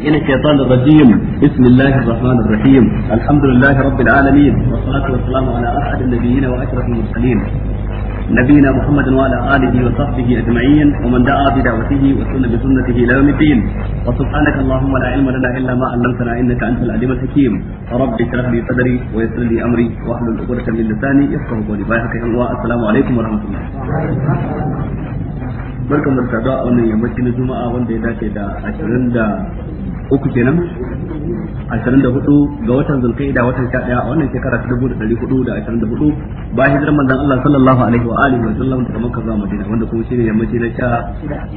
إن الشيطان الرجيم بسم الله الرحمن الرحيم الحمد لله رب العالمين والصلاة والسلام على أحد النبيين وأشرف المرسلين نبينا محمد وعلى آله وصحبه أجمعين ومن دعا بدعوته وسن بسنته إلى يوم الدين وسبحانك اللهم لا علم لنا إلا ما علمتنا إنك أنت العليم الحكيم رب اشرح لي صدري ويسر لي أمري واحلل عقدة من لساني يفقهوا قولي بارك الله السلام عليكم ورحمة الله barkan mu da a wannan yammacin juma'a wanda ya dace da uku kenan ashirin da hudu ga watan zulkaida watan sha daya a wannan shekara ta dubu da dari hudu da ashirin da hudu bayan hijirar manzon Allah sallallahu alaihi wa alihi wa sallam daga Makka zuwa Madina wanda kuma shine yammaci na sha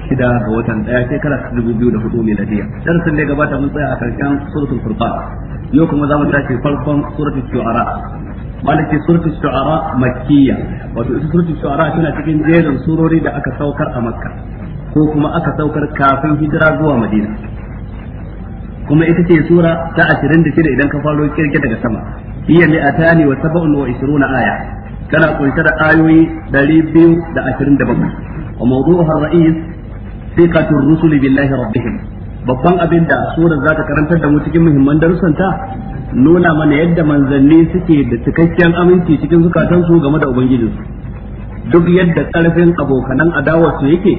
shida ga watan daya shekara ta dubu biyu da hudu miladiya darasin da gabata mun tsaya a karshen suratul furqan yau kuma za mu tashi farkon suratul shu'ara malaki suratul shu'ara makkiya wato ita suratul shu'ara tana cikin jerin surori da aka saukar a makka ko kuma aka saukar kafin hijira zuwa madina kuma ita ce sura ta 26 idan ka faro kirke daga sama hiya mi'atani wa sab'un wa 20 aya kana kunshe da ayoyi 227 wa mawdu'uha ar-ra'is thiqatu ar-rusuli billahi rabbihim babban abin da sura za ta karantar da mu cikin muhimman darussanta nuna mana yadda manzanni suke da cikakken aminci cikin zukatansu game da ubangijinsu duk yadda karfin abokanan adawarsu yake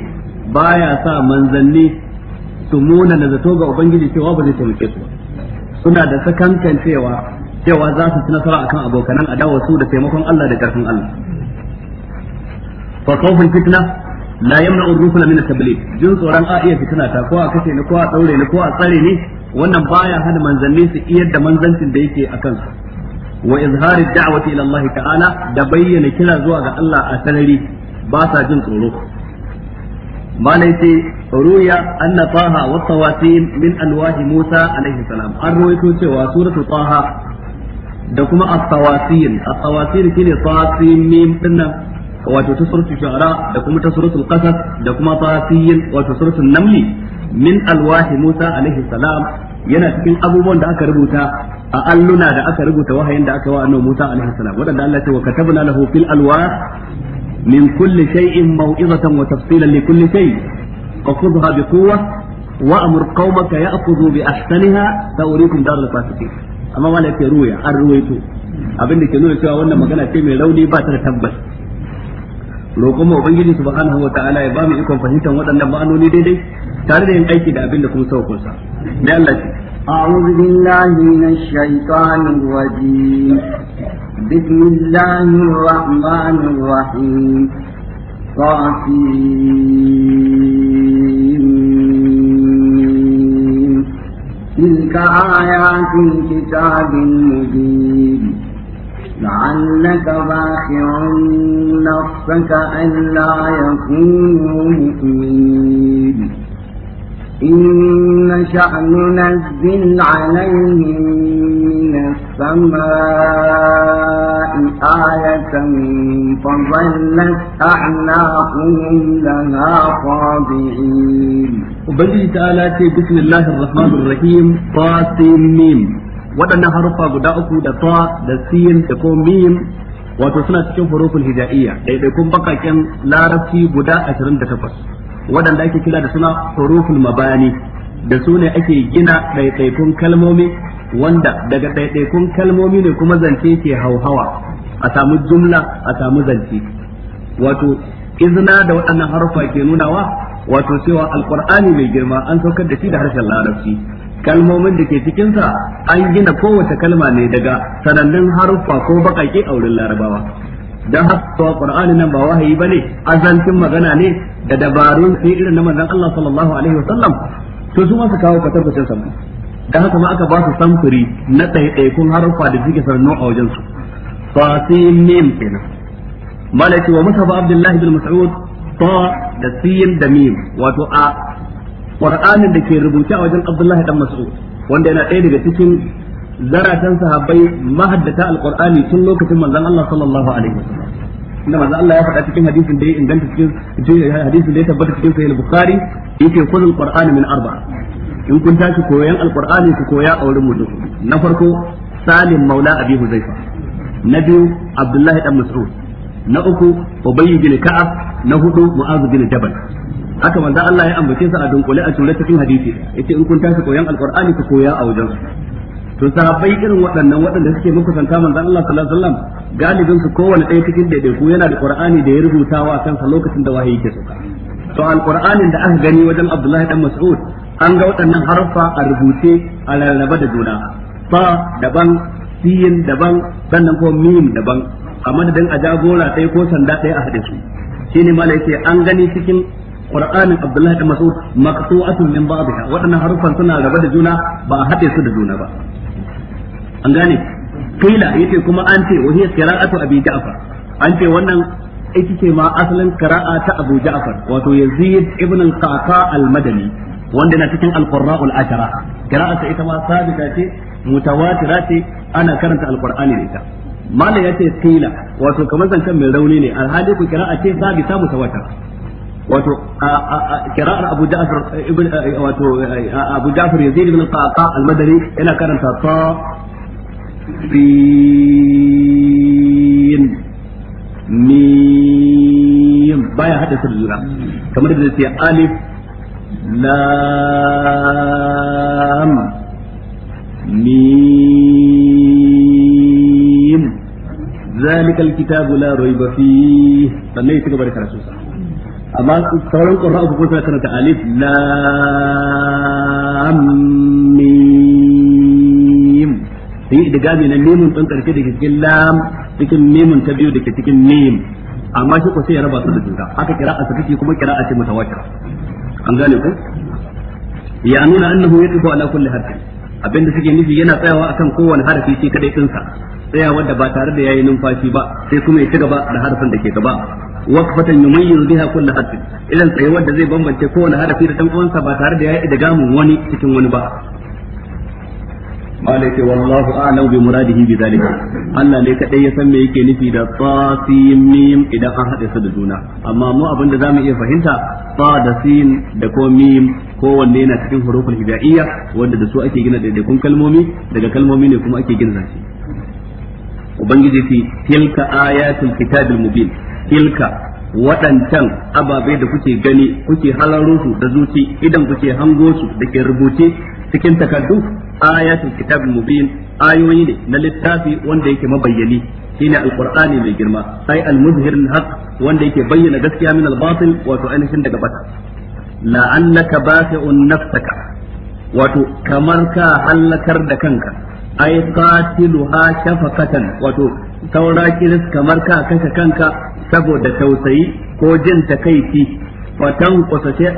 baya sa manzanni su muna da zato ga ubangiji cewa ba zai taimake su suna da sakankan cewa cewa za su ci nasara akan abokanan adawa su da taimakon Allah da karfin Allah fa khawful fitna la yamna'u rusula min at jin tsoron a iya fitna ta ko a kace ni ko a daure ni ko a tsare ni wannan baya hana manzanni su iyar da manzancin da yake akan su wa izhari da'wati ila Allah ta'ala da bayyana kira zuwa ga Allah a sarari ba sa jin tsoro an ما ليتي روي أن طه والطواسين من ألواح موسى عليه السلام أن رويته سوى سورة طه دكما الطواسين الطواسين كيني طاسين ميم سنة wato ta suratul shara da kuma ta suratul qasas da kuma tasiyin wato suratul namli min alwahi Musa alaihi salam yana cikin abubuwan da aka rubuta a alluna da aka rubuta wahayin da aka wa annabi Musa alaihi salam wadanda Allah ya ce wa katabna lahu fil alwah من كل شيء موعظة وتفصيلا لكل شيء فخذها بقوة وأمر قومك يأخذوا بأحسنها سأريكم دار الفاسقين أما ما لك روية الرويتو abin da ke nuna cewa wannan magana ce mai rauni ba ta da tabbas roƙon mu ubangiji subhanahu wataala ya ba mu ikon fahimtar waɗannan ma'anoni daidai tare da yin aiki da abinda kuma sauƙin sa dai Allah ce a'udhu billahi minash shaitanir rajim بسم الله الرحمن الرحيم طاسين تلك آيات الكتاب المبين لعلك باخع نفسك ألا يكونوا مؤمنين إن شأن ننزل عليهم السماء آية فظلت أعناقهم لها خاضعين وبدي تعالى بسم الله الرحمن الرحيم طاسم ميم waɗannan harufa guda دطا دسين ta ميم wato suna cikin huruful hijaiyya daidaikun bakakken larabci guda 28 waɗanda ake kira da suna huruful mabani da su ne ake gina ɗaiɗaikun kalmomi wanda daga ɗaiɗaikun kalmomi ne kuma zance ke hauhawa a samu jumla a samu zance wato izina da waɗannan harfa ke nunawa wato cewa alkur'ani mai girma an saukar da shi da harshen larabci kalmomin da ke cikinsa an gina kowace kalma ne daga sanannun harfa ko baƙaƙe a wurin larabawa dan haka qur'ani nan ba wahayi bane azantin magana ne da dabarun sai irin na manzon Allah sallallahu alaihi wasallam to su ma su kawo kwatankwacin sa dan haka ma aka ba su samfuri na ɗaiɗaikun haruffa da suke sanannu a wajen su fasin mim kenan malaki wa musab abdullahi bin mas'ud ta da sin da mim wato a qur'anin da ke rubuce a wajen abdullahi dan mas'ud wanda yana ɗaya daga cikin zaratan sahabbai mahaddata alqur'ani tun lokacin manzon Allah sallallahu alaihi wasallam inda manzo Allah ya faɗa cikin hadisin da ya inganta cikin hadisin da ya tabbata cikin sahih al-bukhari yake kullu al-qur'ani min arba'a in kun tashi koyon alqur'ani ku koya a wurin mutum na farko salim maula abi huzaifa na biyu abdullahi dan mas'ud na uku ubayy bin ka'ab na hudu mu'az bin jabal haka manzo Allah ya ambace su a dunkule a tura cikin hadisi yace in kun tashi koyon alqur'ani ku koya a wajen to sahabbai irin waɗannan waɗanda suke muku santa manzon Allah sallallahu alaihi wasallam galibin su kowanne ɗaya cikin daidaiku yana da Qur'ani da ya rubuta wa kansa lokacin da wahayi ke sauka to alkur'anin da aka gani wajen Abdullahi dan Mas'ud an ga waɗannan harfa a rubuce a lalaba da juna fa daban siyin daban sannan ko mim daban a madadin a jagora ɗaya ko sanda ɗaya a haɗe su ne mala yake an gani cikin qur'anin abdullahi da mas'ud maqtu'atun min ba'dha waɗannan harfan suna raba da juna ba a haɗe su da juna ba an gane kila yace kuma an ce wa hiya abi ja'far an ce wannan ita ce ma asalin qira'a ta abu ja'far wato yazid ibn al-qaqa al-madani wanda na cikin alqurra'ul ashara qira'atu ita ma sabita ce mutawatira ce ana karanta alqur'ani da ita malam yace qila wato kamar zancan mai rauni ne alhali ku qira'a ce sabita mutawatir wato qira'ar Abu Ja'far ibn wato Abu Ja'far Yazid ibn Qaqa al-Madani yana karanta ta sin mim baya hada sirra kamar da ce alif لام ميم ذلك الكتاب لا ريب فيه sannan ya ci gaba da karatu sa amma sauran ƙwararra uku suna karanta alif lam mim sai idgami na mimun ɗan ƙarfi da ke cikin lam cikin mimun ta biyu da ke cikin mim amma ta take an gane ko ya nuna annahu yaqifu ala kulli harfin abinda suke nufi yana tsayawa akan kowane harafi sai kadai dinsa tsayawa da ba tare da yayin numfashi ba sai kuma ya ci gaba da harfin da ke gaba waqfatan yumayyizu biha kulli harfin idan tsayawa da zai bambance kowane harafi da dan uwansa ba tare da yayi idgamin wani cikin wani ba قال يتي والله أعلم بمراده بذلك الله لك أي يسمى يكي نفي دا طاسيم ميم إذا أحد يسددونا أما مو أبن دا زامي فهمتا طا دا سين دا كو ميم كو ونينا تكين حروف الهدائية وانت دا سوء أكي جنا دا كون كلمومي دا كلمومي نكم أكي جنا Ubangiji ce tilka ayatul kitabil mubin tilka waɗancan ababai da kuke gani kuke halaro su da zuci idan kuke hango su da ke rubuce cikin takardu ayatul kitab mubin ayoyi ne na littafi wanda yake mabayyani shine alqur'ani mai girma ai almuzhir alhaq wanda yake bayyana gaskiya min albatil wato ainihin daga bata annaka basi'un nafsaka wato kamar ka halakar da kanka ai qatiluha shafaqatan wato saura kiris kamar ka kashe kanka saboda tausayi ko jin takaici watan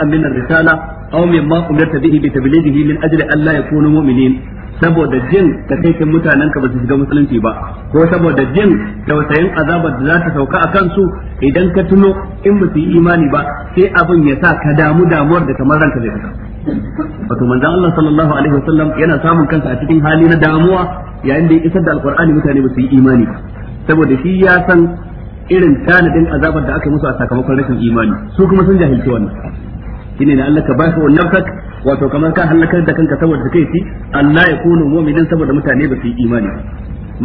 a minan risala aw mimma umirta bihi bi ta min ajli an la yakunu mu'minin saboda jin takaitin mutanen ka ba su shiga musulunci ba ko saboda jin tausayin azabar da za ta sauka a kansu idan ka tuno in ba su yi imani ba sai abin ya sa ka damu damuwar da kamar ranka zai fita wato manzon Allah sallallahu alaihi wasallam yana samun kansa a cikin hali na damuwa yayin da ya isar da alqur'ani mutane ba su yi imani ba saboda shi ya san irin tanadin azabar da aka musu a sakamakon rashin imani su kuma sun jahilci wannan shine ne Allah ka ba wa nafsak wato kamar ka halakar da kanka saboda kai fi Allah ya kunu mu'minin saboda mutane ba su yi imani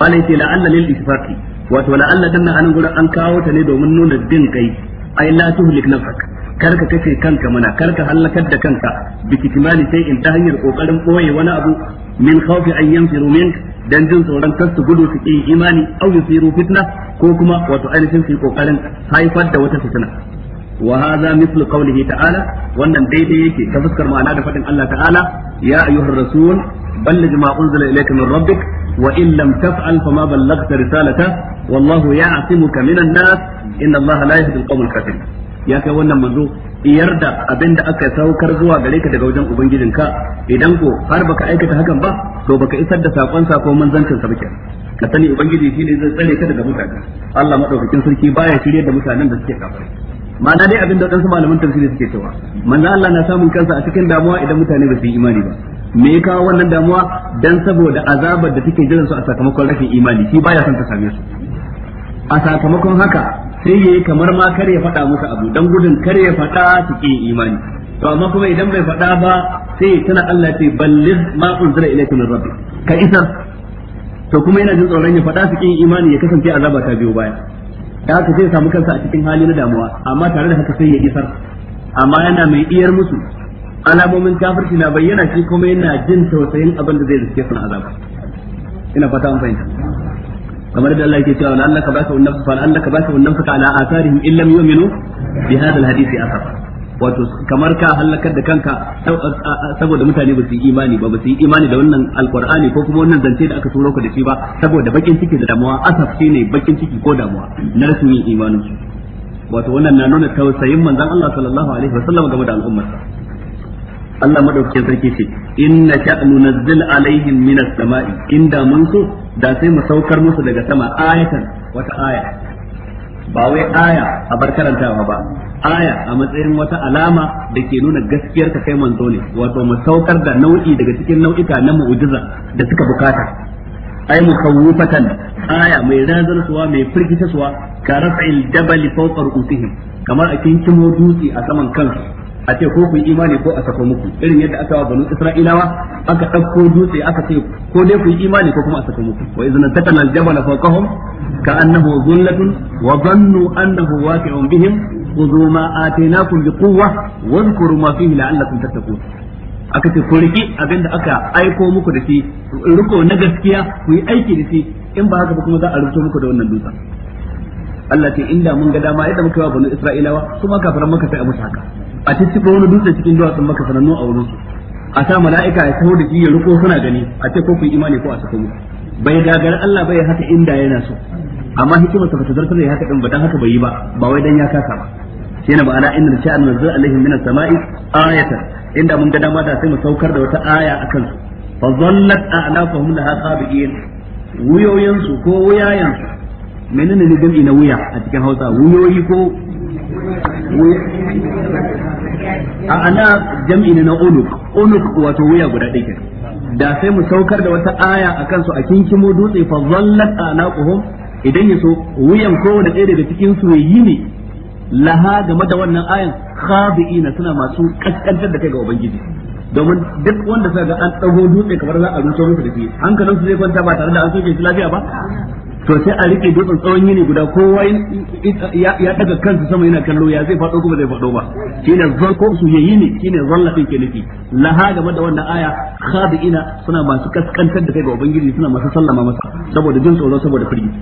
malai ce la'alla lil isfaqi wato la'alla dinnan anan gurin an kawo ta ne domin nuna din kai ai la tuhlik nafsak kar ka kace kanka mana kar ka halakar da kanka bi kitmani sai in ta hanyar kokarin boye wani abu min khawfi an yanfiru min dan jin tsoron kar su gudu su yi imani au yusiru fitna ko kuma wato ainihin su kokarin haifar da wata fitina wa hadha mithlu qawlihi ta'ala wannan daidai yake ta fuskar ma'ana da fadin Allah ta'ala ya ayyuhar rasul balligh ma unzila ilayka min rabbik wa in lam taf'al fama ballaghta risalata wallahu ya'simuka minan nas inna Allah la yahdi al-qawmal ya kai wannan manzo iyar da abin aka saukar zuwa gare daga wajen ubangijinka idan ko har baka aikata hakan ba to baka isar da sakon sako manzancin sa bakin ka sani ubangiji shine zai tsare ka daga mutane Allah madaukakin sarki baya shirye da mutanen da suke kafirai ma'ana dai abin da wadansu malaman tafsiri suke cewa manzo Allah na samun kansa a cikin damuwa idan mutane ba su yi imani ba me ya kawo wannan damuwa dan saboda azabar da take jiran su a sakamakon rashin imani shi baya son ta same su a sakamakon haka sai yayi kamar ma kar ya faɗa musu abu dan gudun kar ya faɗa su ki imani to amma kuma idan bai faɗa ba sai tana Allah ce balliz ma unzila ilayka min rabbik ka isa to kuma yana jin tsoron ya faɗa su ki imani ya kasance azaba ta biyo baya da haka sai samu kansa a cikin hali na damuwa amma tare da haka sai ya isar amma yana mai iyar musu alamomin kafirci na bayyana shi kuma yana jin tausayin abin da zai riske su na azaba ina fata an fahimta kamar da Allah yake cewa la'allaka ba ka wannan fa ba ka wannan fa ala asarihim illam yu'minu bi hadha alhadisi asaba wato kamar ka halakar da kanka saboda mutane ba su yi imani ba ba su yi imani da wannan alkur'ani ko kuma wannan zance da aka turo ku da shi ba saboda bakin ciki da damuwa asaf ne bakin ciki ko damuwa na rashin yin imanin su wato wannan na nuna tausayin manzon Allah sallallahu alaihi wasallam game da al'ummarsa Allah madaukakin sarki ce inna sha'nu nazzil alaihim minas sama'i inda mun so da sai mu saukar musu daga sama ayatan wata aya ba wai aya a bar karantawa ba aya a matsayin wata alama da ke nuna gaskiyar ka kai manzo ne wato mu saukar da nau'i daga cikin nau'ika na mu'jiza da suka bukata ai mu mukawwifatan aya mai razarsuwa mai firgitaswa ka raf'il dabal fawqa ru'usihim kamar a kinkimo dutse a saman kansu a ce ko kuyi imani ko a sako muku irin yadda aka wa banu isra'ilawa aka ɗauko dutse aka ce ko dai kuyi imani ko kuma a sako muku wa idan tatana aljabala fawqahum ka annahu zullatun wa dhannu annahu waqi'un bihim khudhu ma atainakum biquwwa wadhkuru ma fihi la'allakum tattaqun aka ce ku riki da aka aiko muku da shi riko na gaskiya ku yi aiki da shi in ba haka ba kuma za a rubuto muku da wannan dutsen Allah ce inda mun ga dama yadda muka yi wa banu Isra'ilawa kuma kafaran maka sai a musu haka a cikin wani dutsen cikin duwatsun maka sanannu a wurin su a sa mala'ika ya taho da shi ya riko suna gani a ce ko ku imani ko a sako muku bai gagara Allah bai haka inda yana so amma hikimar sa ta zartar da haka din ba dan haka bai yi ba ba wai dan ya kasa ba shine ma'ana inna sha'an nazzal alaihim minas sama'i ayatan inda mun ga dama da sai mu saukar da wata aya akan su fa zallat a'nafuhum laha qabiin wuyoyin su ko wuyayan su menene ne gami na wuya a cikin Hausa wuyoyi ko a ana jam'i na unuk unuk wato wuya guda ɗaya da sai mu saukar da wata aya akan su a kinkimo dutse fa zallat a'naquhum idan ya so wuyan kowane ɗaya daga cikin su ya yi ne laha game da wannan ayan khabi'ina suna masu kaskantar da kai ga ubangiji domin duk wanda suka ga an dago dutse kamar za a ruto musu da shi hankalin su zai kwanta ba tare da an soke shi lafiya ba to sai a rike dutsen tsawon yini guda kowa ya daga kansa sama yana kallo ya zai fado kuma zai fado ba shine zan ko su yayi ne shine zalla din ke nufi laha game da wannan aya khabi'ina suna masu kaskantar da kai ga ubangiji suna masu sallama masa saboda jin tsoro saboda firgici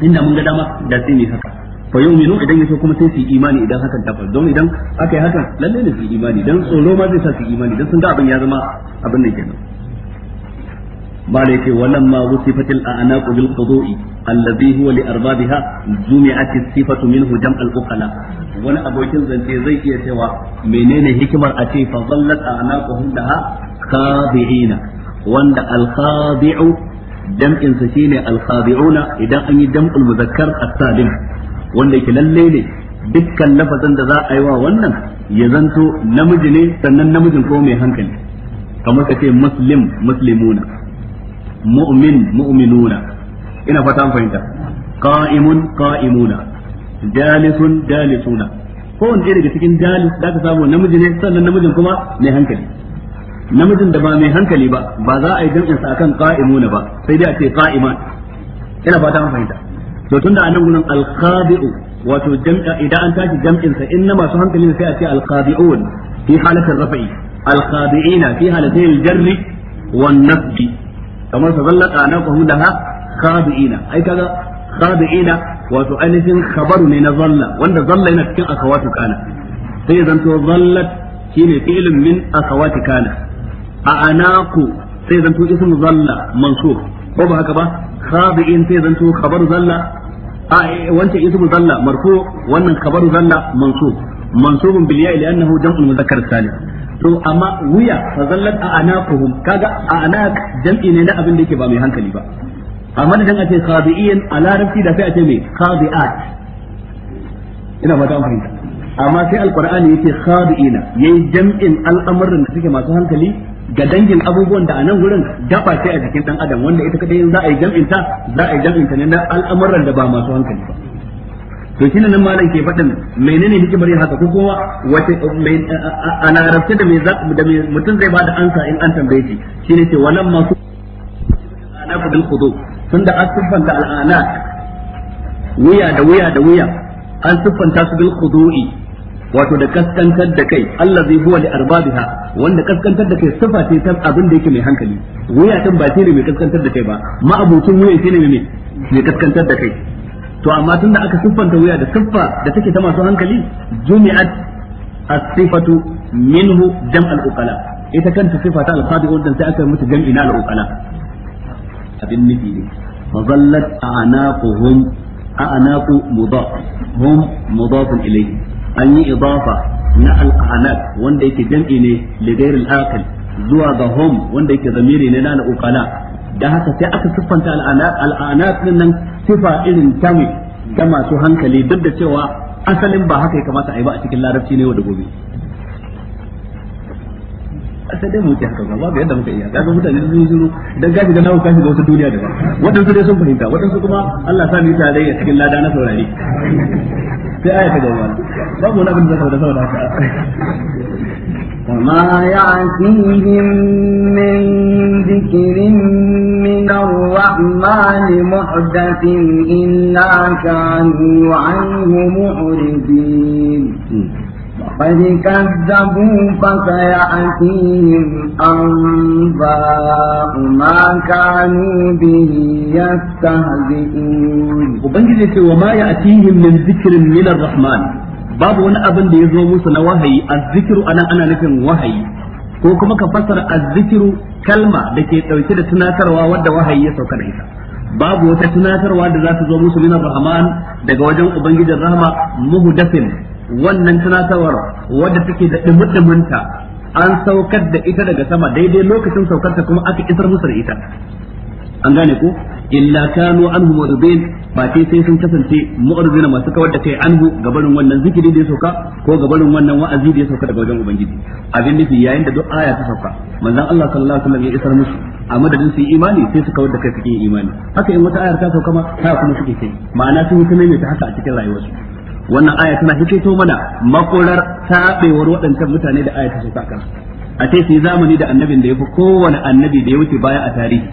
inda mun ga dama da tsini ne haka fa yu'minu idan yaso kuma sai su imani idan hakan ta don idan aka yi hakan lalle ne su imani dan tsoro ma zai sa su imani dan sun ga abin ya zama abin da kenan bala yake wannan ma wusifat al-a'naq bil qudu'i alladhi huwa li arbabiha jumi'at sifatu minhu jam'al uqala wani abokin zance zai iya cewa menene hikimar a ce fa zallat a'naquhum laha khadi'ina wanda al-khadi'u jam'in sa shine al-khadi'una idan an yi jam'ul muzakkar as-salim wanda yake lalle ne dukkan lafazin da za a yi wa wannan ya zanto namiji ne sannan namijin ko mai hankali kamar ka ce muslim muslimuna mu'min mu'minuna ina fata an fahimta qa'imun qa'imuna jalisun jalisuna ko wanda daga cikin jalis da ka samu namiji ne sannan namijin kuma mai hankali namijin da ba mai hankali ba ba za a yi jam'insa akan qa'imuna ba sai dai a ce qa'iman ina fata an fahimta to da anan gurin al wato jam'a idan an tashi jam'in sa inna masu hankali ne sai a ce al-qadi'un fi halatin rafa'i al fi halatin jarri wan nasbi kamar sa zallaka anahu laha qadi'ina ai kaga qadi'ina wato ainihin khabaru ne na zalla wanda zalla yana cikin akawatu kana sai zanto zallat shine filin min akawatu kana a anaku sai zanto ismu zalla mansub ko ba haka ba khabi'in sai zanto khabar zalla a eh, eh, wancan ismu zalla marfu wannan khabar zalla mansub mansubun bil ya'i li'annahu jam'un mudhakkar salim to amma wuya fa zallat a anaquhum kaga a anaq jam'i ne na abin da yake ba mai hankali ba amma da a ce khabi'in a larabci da sai a ce mai khabi'at ina fata an fahimta amma sai alqur'ani yake khabi'ina yayi jam'in al'amarin da suke masu hankali ga dangin abubuwan da a nan wurin dafa sai a jikin dan adam wanda ita kadai za a yi jam'in ta za a yi jam'in ta ne na al'amuran da ba masu hankali ba to shi nan malam ke faɗin menene hikimar yin haka ko kuma wace ana larabce da mai da mutum zai bada ansa in an tambaye shi shine ce walan masu ana kudin kudu tunda an siffanta al'ana wuya da wuya da wuya an siffanta su bil khudu'i wato da kaskantar da kai Allah zai huwa li arbabiha wanda kaskantar da kai sifa ce ta abin da yake mai hankali wuya tan ba ce ne mai kaskantar da kai ba ma abokin wuya ce ne mai mai kaskantar da kai to amma tunda aka siffanta wuya da siffa da take ta masu hankali jumi'at as-sifatu minhu jam al-uqala ita kanta sifa ta al-qadi'u dan sai aka mutu jam'i na al-uqala abin nufi ne fazallat a'naquhum a'naqu mudaf hum mudaf ilayhi an yi idafa na al-ahnaf wanda yake jam'i ne li ghairil aqil zuwa ga hum wanda yake zamiri ne na al-uqala dan haka sai aka siffanta al-ahnaf din nan sifa irin ta mai ga masu hankali duk da cewa asalin ba haka ya kamata a yi ba a cikin larabci ne da gobe sai dai mu ce haka ba ga yadda muka iya kaga mutane sun shiru dan gashi da nawo kashi ga wata duniya daban wadansu dai sun fahimta wadansu kuma Allah sa ni tare a cikin lada na saurare sai aya ta gaba babu wani abin zaka faɗa saboda haka وما يأتيهم فقد كذبوا فسيأتيهم أنباء ما كانوا به يستهزئون وبنجد وما يأتيهم من ذكر من الرحمن babu wani abin da ya zo musu na wahayi azzikiru ana ana nufin wahayi ko kuma ka fassara azzikiru kalma da ke ɗauke da tunatarwa wadda wahayi ya sauka da ita babu wata tunatarwa da za ta zo musu minar rahman daga wajen ubangijin rahma muhdathin wannan tunatawar wadda take da dumudumunta an saukar da ita daga sama daidai lokacin saukar ta kuma aka isar musu da ita an gane ko illa kanu anhu mu'ridin ba sai sai sun kasance mu'ridin masu kawar da kai anhu gabarin wannan zikiri da ya sauka ko gabarin wannan wa'azi da ya sauka daga wajen ubangiji abin nufi yayin da duk aya ta sauka manzon Allah sallallahu alaihi wasallam ya isar musu a madadin su imani sai su kawar da kai cikin imani haka in wata ayar ta sauka ma haka kuma suke kai ma'ana sun yi ta haka a cikin rayuwarsu wannan aya tana hikaito mana makorar tabewar waɗancan mutane da aya ta sauka kan a ce su yi zamani da annabin da ya fi kowane annabi da ya wuce baya a tarihi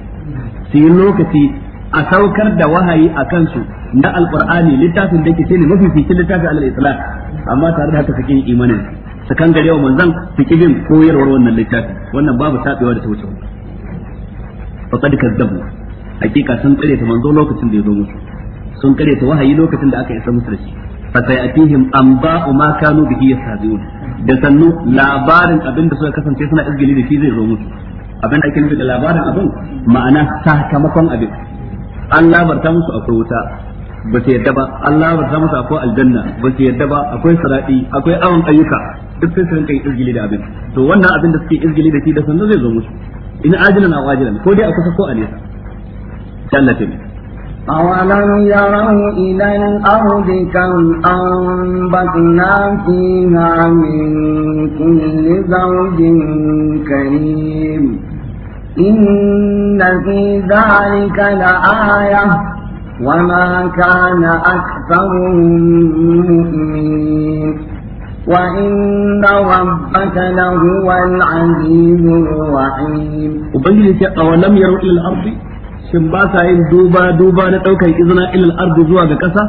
su yi lokaci a saukar da wahayi a kansu na Alƙur'ani littafin da yake shine mafificin littafin al-islam amma tare da haka suke yin imanin su kan gare wa manzon su bin koyarwar wannan littafi wannan babu tabewa da ta wuce faqad kazzabu hakika sun kare ta manzo lokacin da ya zo musu sun kare ta wahayi lokacin da aka isa musu da shi fasayatihim anba'u ma kanu bihi yastahzi'un da sannu labarin abin da suka kasance suna izgili da shi zai zo musu abin da ake nufi da labarin abin ma'ana sakamakon abin an labarta musu akwai wuta ba su yadda ba an labarta musu akwai aljanna ba su yadda ba akwai sarati akwai awon ayyuka duk sai su rinka yin izgili da abin to wannan abin da suke izgili da shi da sannu zai zo musu in ajilan a wajilan ko dai a kusa ko a nesa tallafe أولم يروا إلى الأرض كم أنبتنا فيها من كل زوج كريم إن في ذلك لآية وما كان أكثرهم مؤمنين وإن ربك لهو العزيز الرحيم وبين أولم يروا إلى الأرض shin ba sa yin duba duba na daukar izina ilal ardu zuwa ga kasa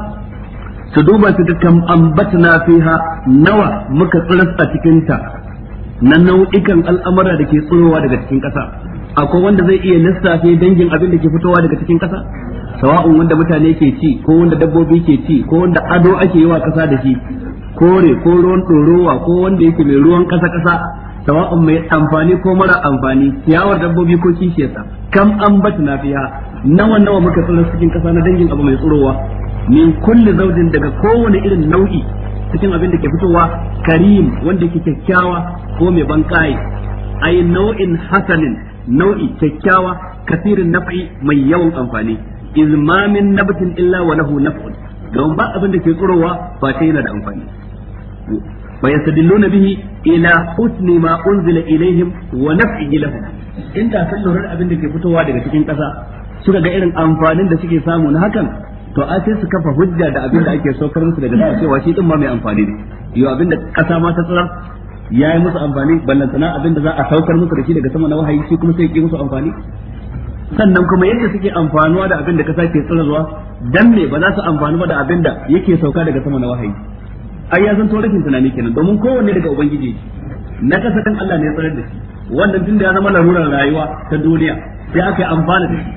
su duba su kam ambatna fiha nawa muka tsirasta cikin ta na nau'ikan al'amura da ke tsirowa daga cikin kasa akwai wanda zai iya lissafe dangin abin da ke fitowa daga cikin kasa sawa'un wanda mutane ke ci ko wanda dabbobi ke ci ko wanda ado ake yi wa kasa da shi kore ko ruwan ɗorowa ko wanda yake mai ruwan kasa kasa sawa'un mai amfani ko mara amfani ciyawar dabbobi ko kishiyarsa kam ambatna fiha nawa nawa muka tsira cikin kasa na dangin abu mai tsorowa? min kulli zaujin daga kowane irin nau'i cikin abin da ke fitowa karim wanda yake kyakkyawa ko mai bankaye ai nau'in hasanin nau'i kyakkyawa kasirin naf'i mai yawan amfani izmamin nabatin illa wa lahu naf'un don ba abin da ke tsorowa ba sai yana da amfani fa به bihi ila ما انزل unzila ilaihim لهم انت lahum inda sun lura da abin ke fitowa daga cikin ƙasa suka ga irin amfanin da suke samu na hakan to a sai su kafa hujja da abin da ake saukar musu daga sama cewa shi din ma mai amfani ne yau abin da ƙasa ma ta tsirar ya yi musu amfani sana abin da za a saukar musu da shi daga sama na wahayi shi kuma sai ke musu amfani sannan kuma yadda suke amfanuwa da abin da kasa ke tsirarwa dan me ba za su amfanu ba da abin da yake sauka daga sama na wahayi ai ya zanto rashin tunani kenan domin kowanne daga ubangiji na kasa dan Allah ne tsarar da shi wannan tunda ya zama larurar rayuwa ta duniya sai aka yi amfana da shi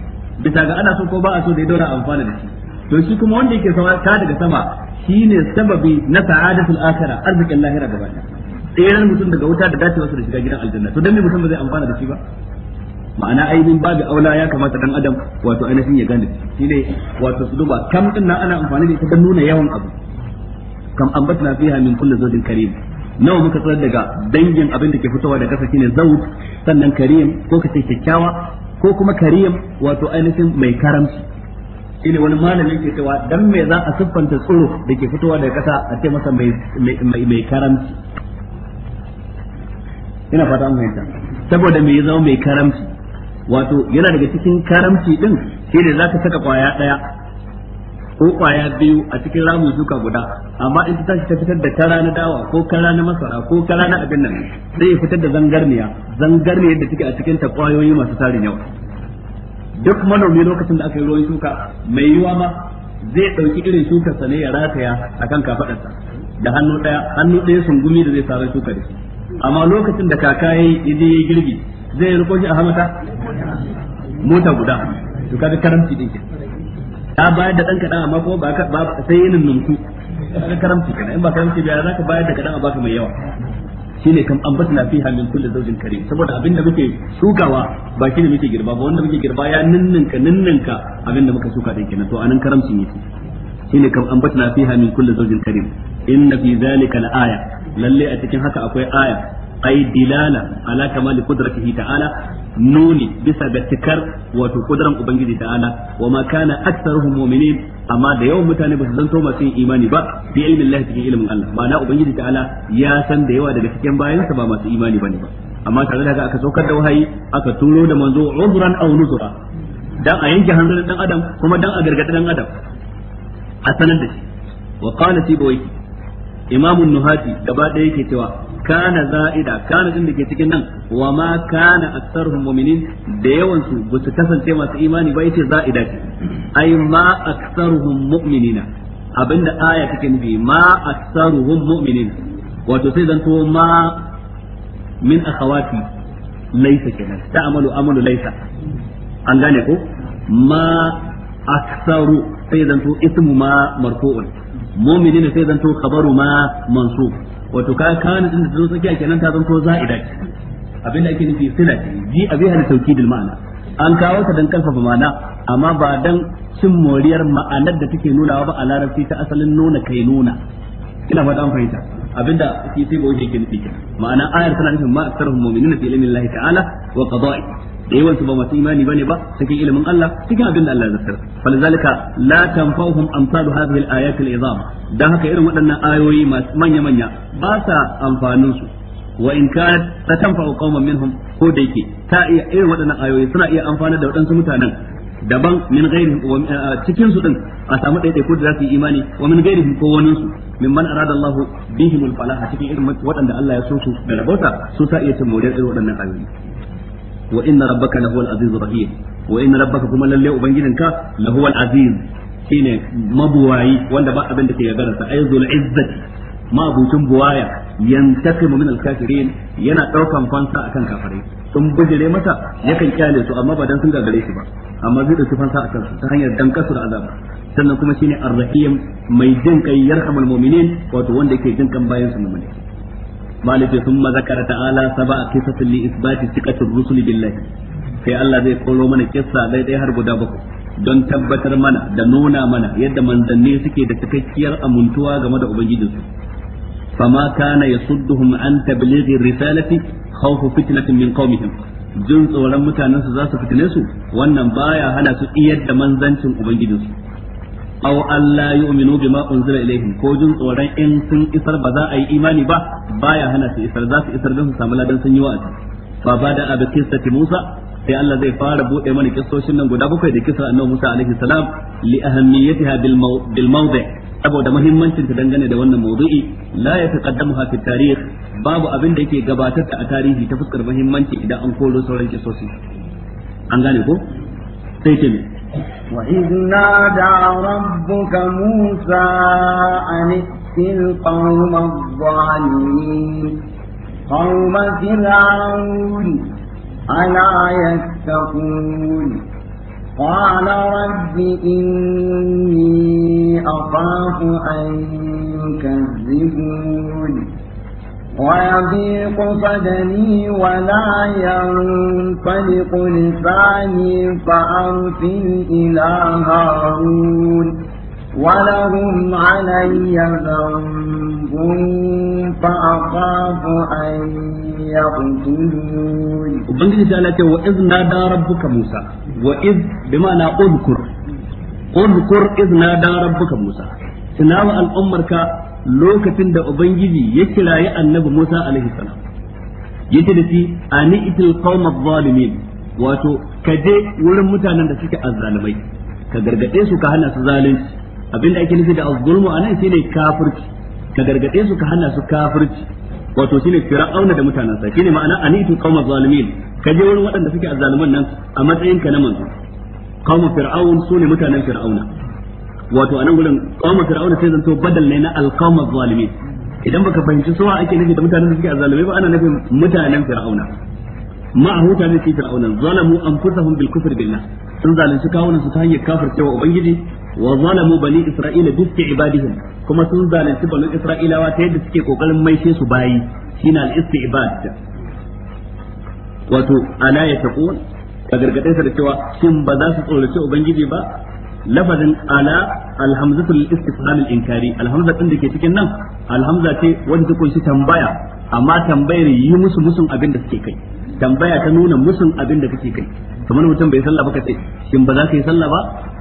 bisa ga ana so ko ba a so da ya daura amfana da shi to shi kuma wanda yake sama ta daga sama shine sababi na sa'adatul akhirah arzikin lahira gaba ɗaya tseren mutum daga wuta da dacewa su da shiga gidan aljanna to dan me mutum ba zai amfana da shi ba ma'ana ainihin babu aula ya kamata dan adam wato ainihin ya gane shi ne wato su duba kam din nan ana amfani da ita dan nuna yawan abu kam ambatna fiha min kulli zawjin karim nawa muka tsara daga dangin abin da ke fitowa da kasa shine zawj sannan karim ko ce kyakkyawa ko kuma karim wato ainihin mai karamci shine wani malamin ke cewa dan me za a siffanta tsoro da ke fitowa daga kasa a ce masa mai mai karamci ina fata an fahimta saboda me ya zama mai karamci wato yana daga cikin karamci din shi ne za ka saka kwaya daya ko kwaya biyu a cikin ramin suka guda amma in ta tashi ta fitar da kara na dawa ko kara na masara ko kara na abin nan sai fitar da zangarniya zangarniya da take a cikin ta kwayoyi masu tarin yawa duk manomi lokacin da aka yi ruwan shuka mai yiwa ma zai dauki irin shukar sa ne ya rataya akan sa da hannu daya hannu daya sungumi da zai sara shuka da shi amma lokacin da kaka yayi idan ya girbi zai riko shi a hamata mota guda to kaga karamci din kenan ka bayar da dan kadan amma kuma ba ba sai yin nunku ka karamci kana in ba karamci ba za ka bayar da kadan a baka mai yawa shine kam ambatna fiha min kulli zawjin karim saboda abin da muke shukawa ba shi ne muke girba ba wanda muke girba ya ninninka ninninka abin da muka shuka din kenan to anan karamci ne shine kam ambatna fiha min kulli zawjin karim inna fi zalika aya lalle a cikin haka akwai aya ay dilala ala kamali qudratihi ta'ala nuni bisa ga tikar wato kudran ubangiji ta'ala wa ma kana aktsaruhum mu'minin amma da yawan mutane ba su zanto masu yin imani ba bi ilmin Allah cikin ilmin Allah ma'ana ubangiji ala ya san da yawa daga cikin bayansa ba masu imani bane ba amma tare da haka aka saukar da wahayi aka turo da manzo uzran aw nuzra dan a yanke hanzarin dan adam kuma dan a gargadi dan adam a sanar da shi wa qala tibawai imamun nuhati gaba daya yake cewa kana za'ida kana din da ke cikin nan wa ma kana aktsaruhum mu'minin da yawan su ba su kasance masu imani ba yace za'ida ce ai ma aktsaruhum mu'minina abinda aya take nufi ma aktsaruhum mu'minin wato sai zanto ma min akhawati laysa kenan ta amalu amalu laysa an gane ko ma aktsaru sai zanto ismu ma marfu'un mu'minina sai zanto khabaru ma mansub wato ka kana din da zo tsakiya kenan ta zanto za'ida ce abin da ake nufi sila ce ji abiha da tawkidul ma'ana an kawo ta dan karfafa ma'ana amma ba dan cin moriyar ma'anar da take nunawa ba a larabci ta asalin nuna kai nuna ina fata an fahimta abinda shi sai ba wuce yake nufi ma'ana ayar tana nufin ma aktsaruhum mu'minina fi ilmi Allah ta'ala wa qada'i da yawansu ba masu imani bane ba cikin ilimin Allah cikin abin da Allah ya zakar falzalika la tanfa'uhum amsalu hadhihi al-ayat al-izam dan haka irin waɗannan ayoyi masu manya manya ba sa amfanin su wa in ka ta tanfa'u qauman minhum ko da yake ta iya irin waɗannan ayoyi suna iya amfana da waɗansu mutanen daban min ghairi eh, eh, cikin su din a samu ɗaiɗai ko da za su yi imani wa min ghairi ko wani su min man arada Allah bihim al falaha cikin irin waɗanda Allah ya so su da rabota su ta iya cin moriyar irin waɗannan ayoyi wa inna rabbaka lahuwal azizur rahim wa inna rabbaka kuma lalle ubangijinka lahuwal aziz shine mabuwayi wanda ba abin da ke gagarar sa aizul izzati mabucin buwaya yantakimu min al yana daukan fansa akan kafirai sun bijire mata yakan kyale su amma ba dan sun gagare shi ba amma zai dauki fansa akan su ta hanyar danka su da azaba sannan kuma shine ar-rahim mai jin kai yarhamul mu'minin wato wanda yake jin kan bayan su mu'mini malike sun mazakara ta'ala saba a kisatin li isbati sikatin rusuli billahi sai Allah zai koro mana kissa dai har guda bakwai don tabbatar mana da nuna mana yadda manzanni suke da cikakkiyar amintuwa game da ubangijinsu fama kana yasudduhum an tablighi risalati khawfu fitnatin min qaumihim jin tsoron mutanen su za su fitine su wannan baya hana su iyar da manzancin ubangijinsu aw alla yu'minu bima unzila ilayhim ko jin tsoron in sun isar ba za a yi imani ba baya hana su isar za su isar don su samu ladan sun yi wa'azi fa bada abi Musa sai Allah zai fara buɗe mana kissoshin nan guda bakwai da kisar annabi Musa alaihi salam li ahammiyatiha bil mawdi' saboda muhimmancin ta dangane da wannan mawdu'i la yataqaddamuha fi tarikh babu abin da yake gabatar ta a tarihi ta fuskar mahimmanci idan an koro sauran kissoshi an gane ko وإذ نادى ربك موسى أن ائت القوم الظالمين قوم فرعون ألا يتقون قال رب إني أخاف أن يكذبون ويضيق صدري ولا ينطلق لساني فأرسل إلى هارون ولهم علي ذنب فأخاف أن يقتلون وبنجد تعالى وإذ نادى ربك موسى وإذ بمعنى أذكر أذكر إذ نادى ربك موسى tunawa al'ummarka lokacin da ubangiji ya kirayi annabi Musa alaihi salam yace da shi ani itil qawmaz zalimin wato ka je wurin mutanen da suke azzalumai ka gargade su ka hana su zalunci abin abinda ake nufi da azzulmu anan shine kafirci ka gargade su ka hana su kafirci wato shine fir'auna da mutanansa shine ma'ana anitu qauma zalimin ka je wurin waɗanda suke azzaluman nan a matsayin ka na manzo qauma fir'aun sune mutanen fir'auna wato anan gurin qawma fir'auna sai zanto badal ne na alqawma zalimin idan baka fahimci suwa ake nufi da mutanen da suke azzalumai ba ana nufin mutanen fir'auna ma a huta ne fir'auna zalamu anfusahum bil kufri billah sun zalunci kawunan su ta hanyar kafircewa ubangiji wa zalamu bani isra'ila bi ibadihim kuma sun zalunci bani isra'ilawa ta yadda suke kokarin maishe su bayi shine al istibad wato ala yataqun ka gargade ta da cewa shin ba za su tsorace ubangiji ba lafazin ala alhamzatu lil istifham al inkari alhamza din dake cikin nan alhamza ce wanda ta kunshi tambaya amma tambayar yi musu musun abin da suke kai tambaya ta nuna musun abin da kake kai kamar mutum bai sallah ba kace shin ba za ka yi sallah ba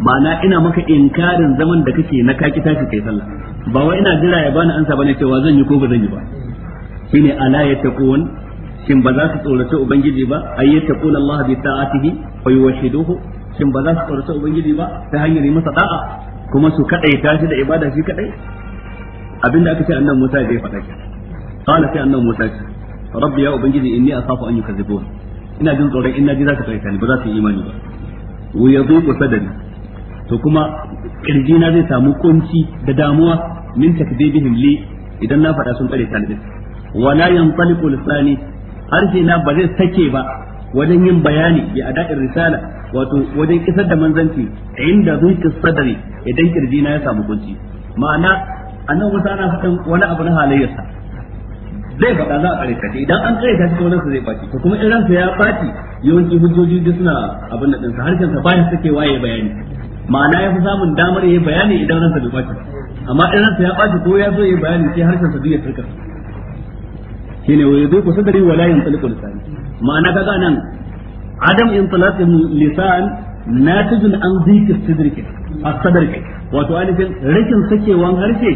ma'ana ina maka inkarin zaman da kake na kaki tashi kai sallah ba wai ina jira ya bani ansa bane cewa zan yi ko ba zan yi ba shine ala yattaqun shin ba za su tsorata ubangiji ba ayyata qula Allah bi ta'atihi wa yuwahhiduhu shin ba za su tsorata ubangiji ba ta hanyar yi masa da'a kuma su kadai tashi da ibada shi kadai abinda aka ce annan Musa zai faɗa ki qala sai annan Musa ce rabbi ya ubangiji inni akhafu an yukazzibun ina jin tsoron in naji za su kai ba za su yi imani ba wa yadhiqu sadri to kuma kirji na zai samu kunci da damuwa min takdibihim li idan na faɗa sun kare ta ni wa la yanṭaliqu lisani harshe na ba zai sake ba wajen yin bayani ya ada'in risala wato wajen kisar da manzanci inda zuƙi sadari idan kirji na ya samu kunci ma'ana annabi Musa na hakan wani abu na halayyarsa zai faɗa za a ƙareta shi idan an ƙareta shi wani su zai ɓaci to kuma in sa ya ɓaci yawanci hujjoji duk suna abin da ɗinsa harshen sa bayan sakewa waye bayani ma'ana ya fi samun damar ya bayani idan ransa bai ɓaci amma in sa ya ɓaci ko ya zo ya bayani sai harshen sa duk ya turka shine wa kusa sadri wala yin yanṭaliqu lisani ma'ana kaga nan adam inṭalaqihum lisan natijun an dhiqi sadri ke ke wato alifin rikin sakewan harshe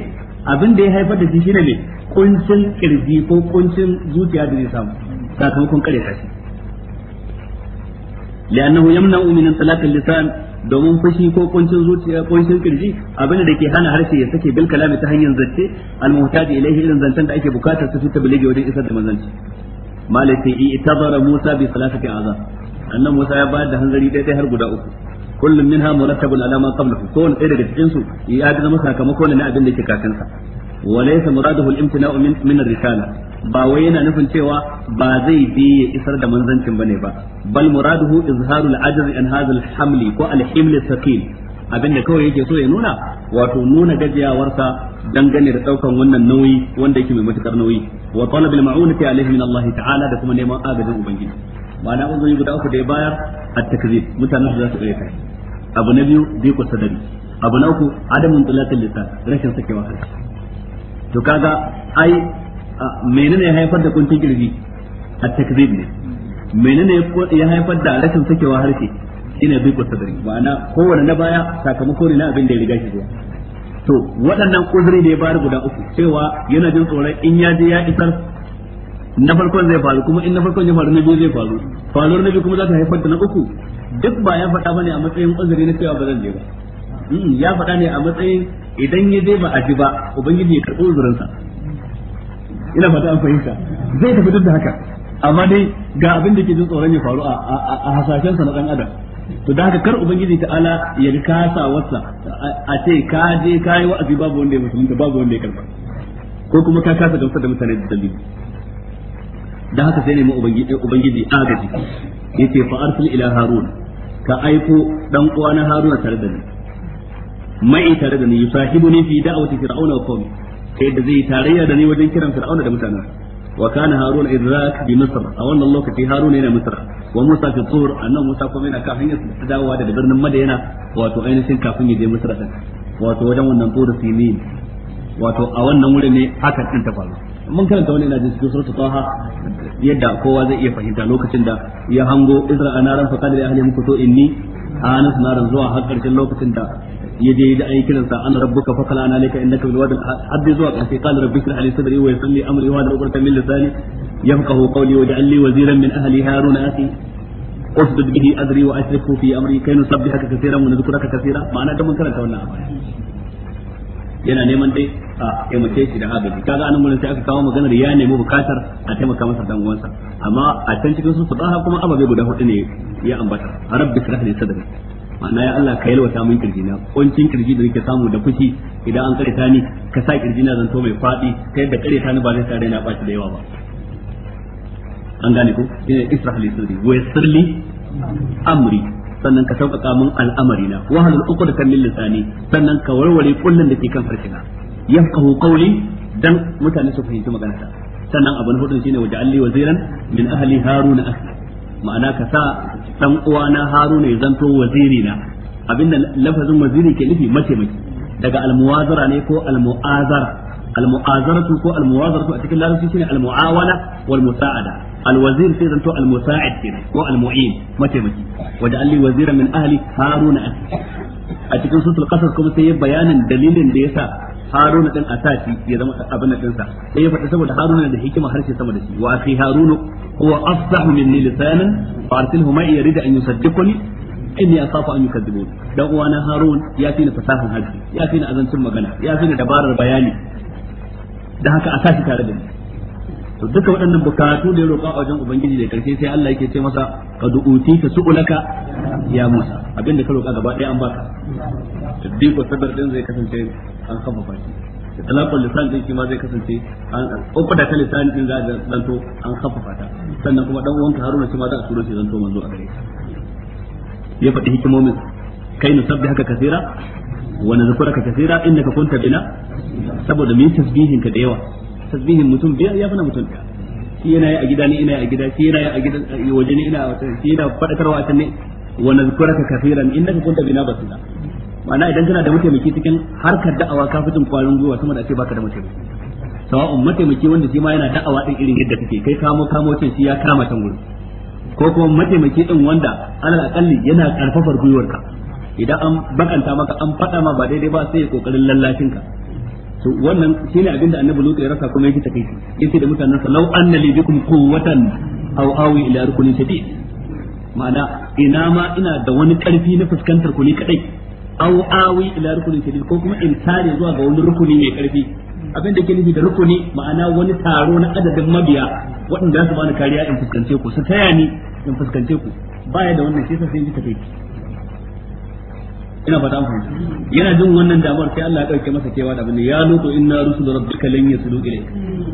abin da ya haifar da shi shine ne kuncin kirji ko kuncin zuciya da zai samu sakamakon kare tashi li'annahu yamna'u min lisan domin fushi ko kuncin zuciya kuncin kirji abin da ke hana harshe ya sake bil kalami ta hanyar zance al muhtaji ilaihi irin zancen da ake bukatar su fita biligi wajen isar da manzanci malaka yi itazara musa bi salatati azab annan musa ya bayar da hanzari dai har guda uku kullum minha murattabun alama ma qablahu kowanne ɗaya daga cikin su ya zama sakamako ne na abin da ke kakansa. walaysa muraduhu al-imtina'u min risala ba wai yana nufin cewa ba zai bi ya isar da manzanci bane ba bal muraduhu izharul da an hadha ko al abinda kawai yake so ya nuna wato nuna gajiyawarsa dangane da daukan wannan nauyi wanda yake mai matukar nauyi wa talabil ma'unati alaihi min Allah ta'ala da kuma neman agajin ubangiji ma'ana uzuri guda uku da ya bayar at-takzib mutanen su za su iya kai abu na biyu zai ku sadari abu na uku adamun talatin lisan rashin sakewa harshe to kaga ai menene ya haifar da kuntun kirji a takzib ne menene ya haifar da rashin sakewa harshe ina bi ku sadari ma'ana kowanne na baya sakamako ne na abin da ya riga shi zuwa to waɗannan uzuri da ya bayar guda uku cewa yana jin tsoron in ya je ya isar na farkon zai faru kuma in na farkon ya faru na biyu zai faru faruwar na biyu kuma za ta haifar da na uku duk ba ya faɗa bane a matsayin uzuri na cewa ba zan je ba Hmm, ya faɗa ne a matsayin idan ya je ba a ji ba ubangiji ya karɓi uzurinsa ina fata an fahimta zai tafi duk da haka amma dai ga abin da ke jin tsoron ya faru a hasashen sa na ɗan adam to da haka kar ubangiji Ala ya ga kasa wasa a ce ka je ka yi wa'azi babu wanda ya musulunta babu wanda ya karɓa ko kuma ka kasa gamsar da mutane da dalili da haka sai nemi ubangiji agaji yace fa arsil ila harun ka aiko dan uwa na haruna tare da ni mai tare da ni ni fi da'wati fir'auna wa qawmi sai da zai tarayya da ni wajen kiran fir'auna da mutanen wa kana harun idrak bi misr a wannan lokaci harun yana misr wa musa fi tur annan musa kuma yana kafin ya tsada dawowa da birnin madina wato ainihin kafin ya je misr da wato wajen wannan tur sinin wato a wannan wurin ne haka din ta faru mun karanta wani ina jin cikin suratul taha yadda kowa zai iya fahimta lokacin da ya hango izra anaran fa qadri ahli mukutu inni anas naran zuwa har karshen lokacin da yaje da an yi kiran sa an rabbuka fa kala alayka innaka bil wadi haddi zuwa kan sai qala rabbi shrah li sadri wa yassir li amri wa hlul 'uqdatan min lisani yafqahu qawli waj'al li waziran min ahli harun akhi usdud bihi adri wa ashriku fi amri kay nusabbihaka kaseeran wa nadhkuraka kaseera ma'ana da mun karanta wannan yana neman dai a taimake shi da agaji kaga anan gurin sai aka kawo maganar ya nemi bukatar a taimaka masa dan uwansa amma a can cikin su fudaha kuma ababe guda hudu ne ya ambata rabbi shrah li sadri ma'ana ya Allah ka yalwata min kirjina na kuncin kirji da nake samu da fushi idan an karita ni ka sa kirjina na zanto mai fadi ta yadda ta ni ba zai tare na baci da yawa ba an gane ku ina israh li sirri wa yassir amri sannan ka sauƙaƙa min al'amari na wa halul kan min lisani sannan ka warware kullun da ke kan farkina yafqahu qawli dan mutane su fahimci magana sannan abin hudu shine waja'alli waziran min ahli haruna akhi ma'ana ka sa dan uwana haruna ya zanto wazirina na abinda lafazin waziri ke nufi mataimaki daga almuwazara ne ko almu'azara almu'azaratu ko almuwazaratu a cikin larabci shine almu'awala wal musa'ada الوزير سيدنا تو المساعد كده هو المعين متمكي وجعل لي وزيرا من اهلي هارون اتي a cikin sutul kasar kuma sai ya bayanin dalilin da yasa haruna din a sati ya zama abin da dinsa sai eh, ya faɗi saboda haruna da hikima harshe sama da shi wa akhi haruna huwa afsahu minni lisanan fa arsilhu ma yarida an yusaddiquni inni akhafu an yukadzibun dan uwana harun ya fi ni fasahan harshe ya fi ni azancin magana ya fi ni dabarar bayani da haka a sati tare da ni to duka waɗannan bukatu da ya roƙa a wajen ubangiji da karshe sai Allah yake ce masa ka qad utika su'ulaka ya Musa abinda ka roƙa gaba ɗaya an baka siddiqu sadar din zai kasance an kama baki talakon lisan din shi ma zai kasance an uku da lisan din za da zanto an kafa fata sannan kuma dan uwanka Haruna shi ma za a turo shi zanto manzo a gare ya faɗi hikimomin kai nusabbihaka kaseera wa nadhkuraka kaseera innaka kunta bina saboda min tasbihin ka da yawa tasbihin mutum biya ya fana mutum shi yana yi a gida ni ina yi a gida shi yana yi a gida waje ni ina shi yana faɗakarwa a can ne wa nadhkuraka kaseeran innaka kunta bina basira ma'ana idan kana da mataimaki cikin harkar da'awa ka fitin kwarin gwiwa sama da ce baka da mataimaki sawa'un mataimaki wanda shi ma yana da'awa din irin yadda kake kai kamo kamo cin shi ya kama can gurin ko kuma mataimaki din wanda alal akalli yana karfafar gwiwarka idan an bakanta maka an faɗa ma ba daidai ba sai ya kokarin lallashin ka to wannan shine abin da annabi lutu ya rasa kuma yake take yace da mutanen sa law anna li bikum quwwatan aw awi ila rukunin shadid ma'ana ina ma ina da wani karfi na fuskantar ku ne kadai aw awi ila rukunin shadid ko kuma in tare zuwa ga wani rukuni mai karfi abin da ke nufi da rukuni ma'ana wani taro na adadin mabiya waɗanda za su bani kariya in fuskance ku su taya ni in fuskance ku baya da wannan shi sai ji tafi ina fata an fahimta yana jin wannan damar sai Allah ya dauke masa kewa da bani ya lutu inna rusul rabbika lan yasulu ilayk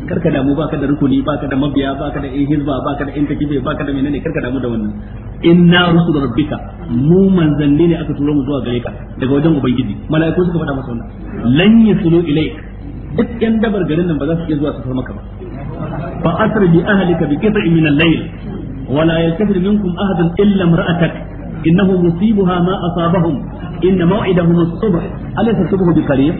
karka damu baka da rukuni baka da mabiya baka da in baka da in baka da menene karka damu da wannan inna rusul rabbika mu manzanni ne aka turo mu zuwa gare ka daga wajen ubangiji mala'iku suka faɗa masa wannan lan yusulu ilayk duk yan dabar garin nan ba za su iya zuwa su far maka ba fa asr bi ahlika bi qit'in min al-layl wa la yaltafit minkum ahadun illa imra'atak innahu musibuha ma asabahum inna maw'idahum as-subh alaysa as-subh bi qarib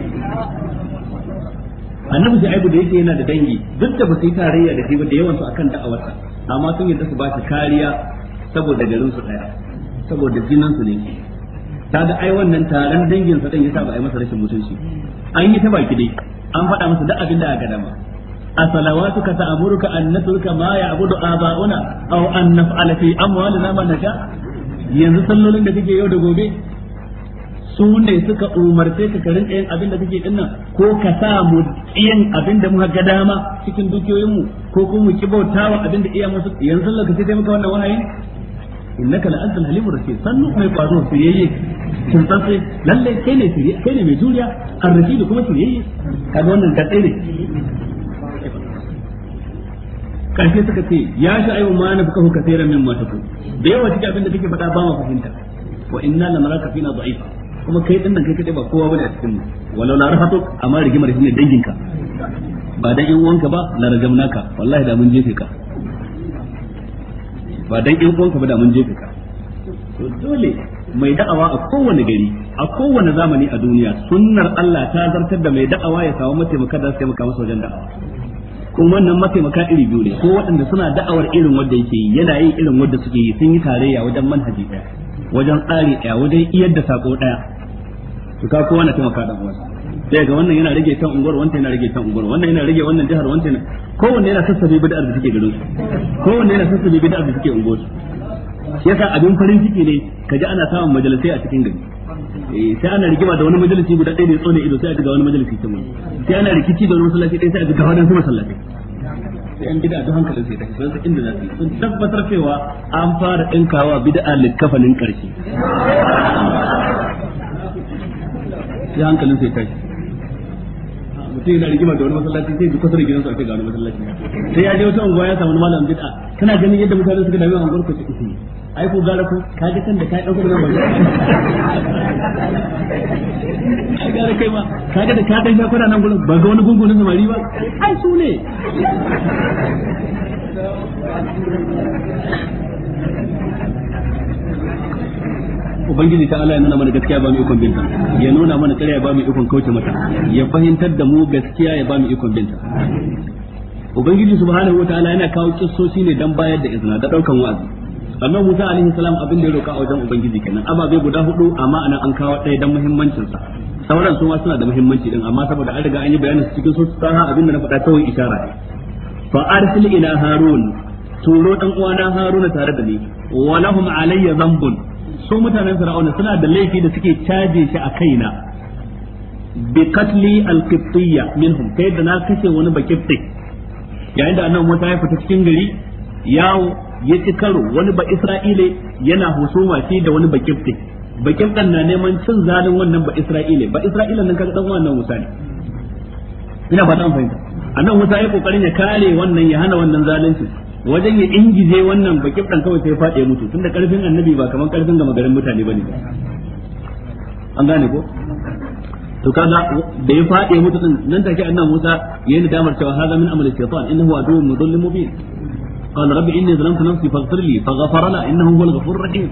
annabi shaibu da yake yana da dangi duk da ba su yi tarayya da shi ba da yawan su akan da'awarsa amma sun yarda su ba shi kariya saboda garin su daya saboda jinan su ne ta da ai wannan taron dangin sa dan yasa ba ai masa rashin mutunci an yi ta baki dai an faɗa masa duk abin da aka dama أصلواتك تأمرك an نترك ma ya'budu aba'una aw an naf'ala fi amwalina ma nasha? yanzu sallolin da kake yau da gobe su ne suka umarce ka karin ɗayan abin da kake dinnan ko ka sa mu yin abin da muka ga dama cikin dukiyoyinmu ko kuma mu kibauta wa abin da iya musu yanzu Allah ka sai muka wannan wahayin innaka la antal halimur rashid sannu mai kwazo siyayye kin tsatsi lalle kai ne kai ne mai juriya ar-rashid kuma siyayye kaga wannan da ne karshe suka ce ya sha'ibu ma na fuka kaseeran min ma taku da yawa cikin abin da kake faɗa ba ma fahimta wa inna la naraka fina da'ifa kuma kai din nan kai kadai ba kowa bane a cikin mu walau la rahatuk amma rigimar shine danginka ba dan yan uwanka ba la rajamnaka wallahi da mun jefe ka ba dan yan uwanka ba da mun je ka to dole mai da'awa a kowane gari a kowane zamani a duniya sunnar Allah ta zartar da mai da'awa ya samu mataimaka da sai taimaka masa wajen da'awa kuma wannan mataimaka iri biyu ne ko waɗanda suna da'awar irin wanda yake yi yana yin irin wanda suke yi sun yi tarayya wajen manhaji ɗaya wajen tsari ɗaya wajen iyar da sako ɗaya to ka kowa na taimaka da wasu. sai ga wannan yana rage kan unguwar wannan yana rage kan unguwar wannan yana rage wannan jihar wannan yana kowanne yana sassabe bid'ar da take garin su kowanne yana sassabe bid'ar da take unguwar su yasa abin farin ciki ne kaji ana samun majalisai a cikin gari eh, sai ana rigima da wani majalisi guda ɗaya ne tsone ido sai a ga wani majalisi ta mun sai ana rikici da wani masallaci ɗaya sai a ga wadansu masallaci sai an bid'a duk hankalin sai take sun inda za su sun tabbatar cewa an fara ɗinkawa bid'a likafanin ƙarshe sai hankalin sai tashi sai yana rigima da wani masallaci sai duk kusa da gidansu a ce ga wani masallaci sai ya je wata unguwa ya samu malam bid'a kana ganin yadda mutane suka dami unguwar ku ciki ai ko gara ku ka ga kan da ka dauko da manzo ai gara kai ma ka ga da ka dan shakura nan gurin ba ga wani gungunin samari ba ai su ne ubangiji ta Allah ya nuna mana gaskiya ba mu ikon binta ya nuna mana ƙarya ba mu ikon kauce mata ya fahimtar da mu gaskiya ya ba mu ikon binta ubangiji subhanahu wataala yana kawo kissoci ne dan bayar da izina da daukan wa'azi annabi Musa alaihi salam abin da ya roka a wajen ubangiji kenan ababe guda hudu amma anan an kawo ɗaya dan muhimmancin sa sauran su ma suna da muhimmanci din amma saboda an riga an yi bayanin cikin su tsara abin da na faɗa kawai isara. fa arsil ila harun turo dan uwana haruna tare da ni wa lahum alayya dhanbun su mutanen fir'auna suna da laifi da suke caje shi a kaina bi qatli al-qibtiyya minhum kai da na kashe wani bakibti yayin da annabi Musa ya fita cikin gari yawo ya ci karo wani ba Isra'ile yana husuma shi da wani bakibti bakin dan na neman cin zalin wannan ba Isra'ile ba Isra'ila nan kaga dan wannan Musa ne ina ba ta fahimta annabi Musa ya kokarin ya kare wannan ya hana wannan zalunci wajen ya ingize wannan bakin dan kawai sai faɗe mutu tunda karfin annabi ba kamar karfin da garin mutane bane an gane ko to kaga da ya faɗe mutu din nan take annabi Musa yayin da damar cewa hada min amali shaytan innahu aduwwun mudallil mubin qala rabbi inni zalamtu nafsi فاغفر لي فغفر له إنه هو الغفور الرحيم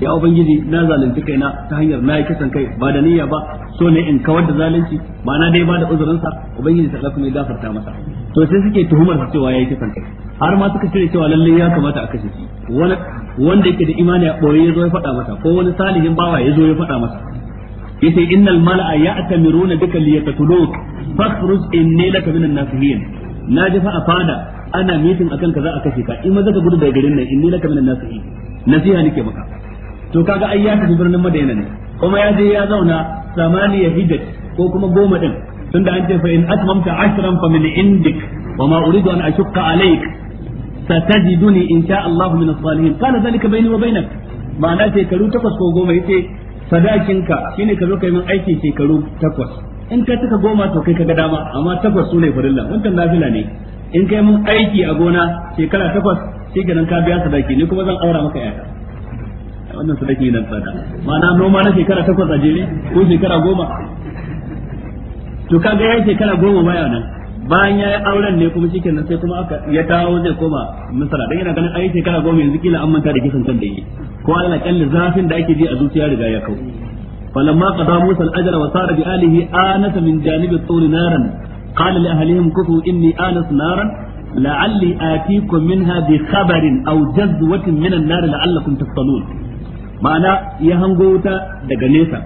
ya ubangiji na zalunci kaina ta hanyar na yi kisan kai ba da niyya ba so ne in kawar da zalunci ba na dai ba da uzurin sa ubangiji ta kuma ya gafarta masa to sai suke tuhumar sa cewa yayi kisan kai har ma suka cire cewa lalle ya kamata a kashe shi wani wanda yake da imani a boye yazo ya faɗa masa ko wani salihin bawa yazo ya faɗa masa yace innal mala'a ya'tamiruna bika liyaqtuluk fakhruj inni laka minan nasihin naji fa a fada ana mitin akan kaza a kashe ka in ma zaka gudu daga garin nan inni laka minan nasihin nasiha nake maka to kaga ai ya tafi birnin madaina ne kuma ya je ya zauna samaniya hijjat ko kuma goma din tunda an ce fa in atmamta ashran fa min indik wa ma uridu an ashqa alayk satajiduni in sha Allah min as-salihin kana zalika bayni wa bainak ma'ana shekaru takwas ko goma yace sadakinka shine ka zo kai min aiki shekaru takwas in ka cika goma to kai kaga dama amma takwas sune farilla wannan nafila ne in kai mun aiki a gona shekara takwas shi ganin ka biya sadaki ni kuma zan aura maka yaka wannan sadaki nan tsada ma'ana noma na shekara takwas a jere ko shekara goma to kaga ya shekara goma baya nan bayan ya yi auren ne kuma nan sai kuma aka ya dawo zai koma misra dan yana ganin ai shekara goma yanzu kila an manta da kisan kan da yi ko Allah kalli zafin da ake ji a zuciya riga ya kau فلما قضى موسى الأجر وصار بآله آنس من جانب الطور نارا قال لأهلهم كفوا إني آنس نارا لعلي آتيكم منها بخبر أو جذوة من النار لعلكم ma'ana ya hango wuta daga nesa